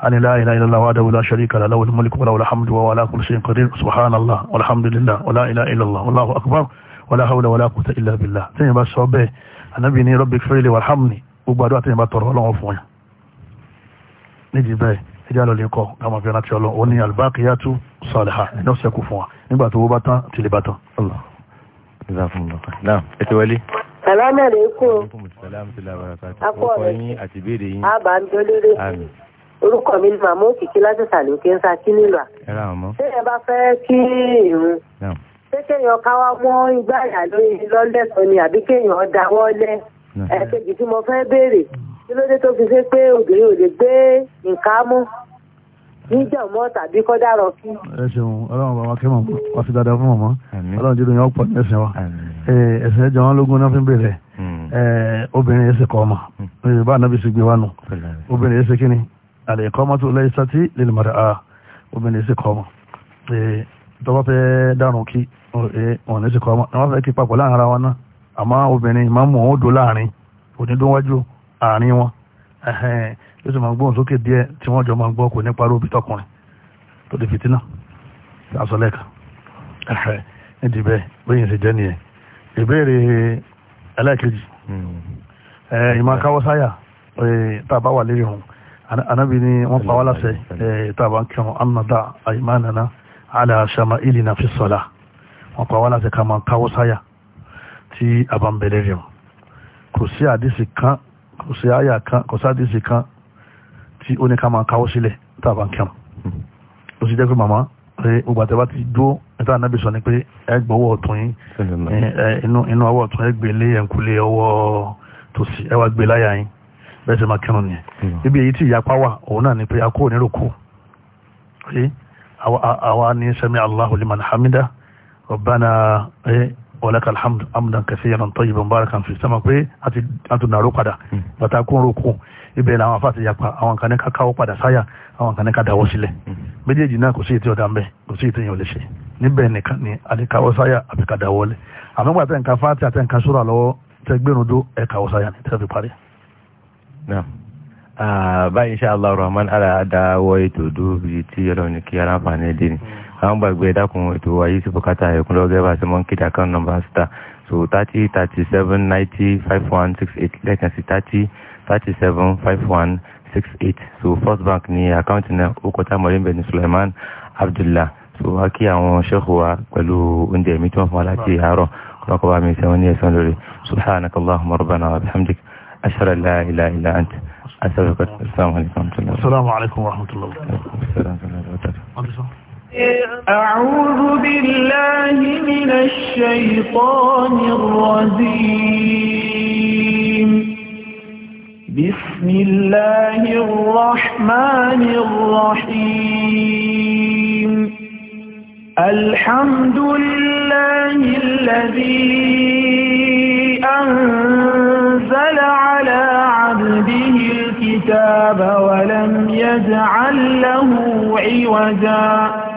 أن لا إله إلا الله وحده لا شريك له له الملك وله الحمد وهو على كل شيء قدير سبحان الله والحمد لله ولا إله إلا الله والله أكبر ولا حول ولا قوة إلا بالله تيجي بس صوبه النبي ني ربي اغفر وارحمني وبعد وقت ما الله فون نيجي بقى ẹjá lọ lè kọ káwọn fi rántí ọlọ́run ó ní albaqiyatu salihah iná sẹ́kù fún wa nígbà tó bá tán ti lè bá tán. ẹ ti wọlé. salamu aleykum. akọ rẹ. akọ rẹ. a bá orúkọ mi máa mú òkìkí láti sàlẹ̀ òkè ń sa kí nílò à. ṣé ẹ bá fẹ́ kí irun ṣé kéèyàn káwá mọ́ igbá ni àbí kéèyàn dáwọ́ lẹ́ tí mo fẹ́ béèrè kí ló dé obìnrin ò gbé nǹkan mú tàbí kí. ẹ ṣeun bàbá kí fún ọmọ wa wọn lógún náà fi bèrè hmm. al-iqamatu laysati lil-mar'a obìnrin sì kọ́ ọmọ tọ́wọ́ fẹ́ dànù kí wọ́n ní sì kọ́ ọmọ wọ́n fẹ́ kí papọ̀ láàrin ara wọn náà àmọ́ obìnrin máa mú òun dò láàrin onídúnwájú àárín wọn yóò sì máa gbóhùn sókè díẹ̀ tí wọ́n jọ máa gbọ́ kò ní parọ́ òbí tọkùnrin tó di fìtínà àsọlẹ́ka nídìí bẹ́ẹ̀ bóyá ṣe jẹ́ nìyẹn ìbéèrè ẹlẹ́ẹ̀kejì hmm. ìmọ̀ káwọ́ sáyà tá a bá wà lérí òun anábì ni wọ́n pa wá láṣẹ ètò eh, àwọn kírun ala àyèmánana aláṣàmà ìlìnà fi sọ̀la wọ́n pa wá láṣẹ ká máa káwọ́ sáyà tí a bá ń bẹ̀rẹ̀ rẹ̀ kò sí àdìsí kan kò sí àyà kan kò sí àdìsí kan tí ó ní ká máa káwọ́ sílẹ̀ tá a bá ń kírun ó sì jẹ́ pé màmá pé eh, gbogbo àtẹ́wá ti dúró níta nábì sọ ni pé ẹ gbọ́wọ́ ọ̀tún yín eh, inú ọwọ́ ọ̀tún ẹ gbélé ẹ̀ńkulé ọwọ́ tòsí ẹ wá gbé láyà yín bẹ́ẹ̀ sì máa kírun nìyẹn hmm. ibi èyí tí ìyapa wà òun náà ni pé akó onírò kú àwa ní sami allahu liman hamida rabbana walakal hamd amdan kathiran tayyiban barakan fi sama pé a ti nàró padà hmm. bàtà kún rókù ibẹ̀ làwọn afá ti yapa àwọn kan ní ká káwọ́ padà sáyà àwọn kan ní ká dáwọ́ sílẹ̀ hmm. méjèèjì náà kò sí ètò ọ̀dà mbẹ́ kò sí ètò yẹn ò lè ṣe níbẹ̀ nìkan ni àdìkáwọ́ sáyà àbíkàdáwọ́ lẹ̀ àmọ́ gbà tẹ̀ ń ka fáti àtẹ̀ ń ka sóra lọ́wọ́ tẹ́gbẹ́rún dó ẹ̀ka ọ̀sáyà ni tẹ́ fi parí. Ah, báyìí insha Allah rahman aláàdáwọ́ ètò dúró bí tí ọlọ́run ní kí aláǹfààní ẹ̀dẹ́ ni hmm. àwọn gbàgbé ẹ̀dákun ètò wáyé sí bùkátà ẹ̀kún lọ́gẹ́ bá ṣe mọ́ kéde account number star so thirty thirty seven ninety five one six eight lẹ́ẹ̀kan sí thirty thirty seven five one six eight so first bank ni àkáǹtì náà ó kọjá mọ̀lẹ́bẹ̀ ní Suleiman Abdullah so wá kí àwọn ṣẹ́kù wa pẹ̀lú oúnjẹ mi tí wọ́n fún wa láti àárọ̀ kọ́lọ́kọ́ bá mi sẹ́wọ́n ní ẹ̀sán lórí subhanakallahumma rabbana wa bihamdik أشهد أن لا إله إلا أنت أسألك السلام عليكم ورحمة الله السلام عليكم ورحمة الله وبركاته أعوذ بالله من الشيطان الرجيم بسم الله الرحمن الرحيم الحمد لله الذي أنزل نزل على عبده الكتاب ولم يجعل له عوجا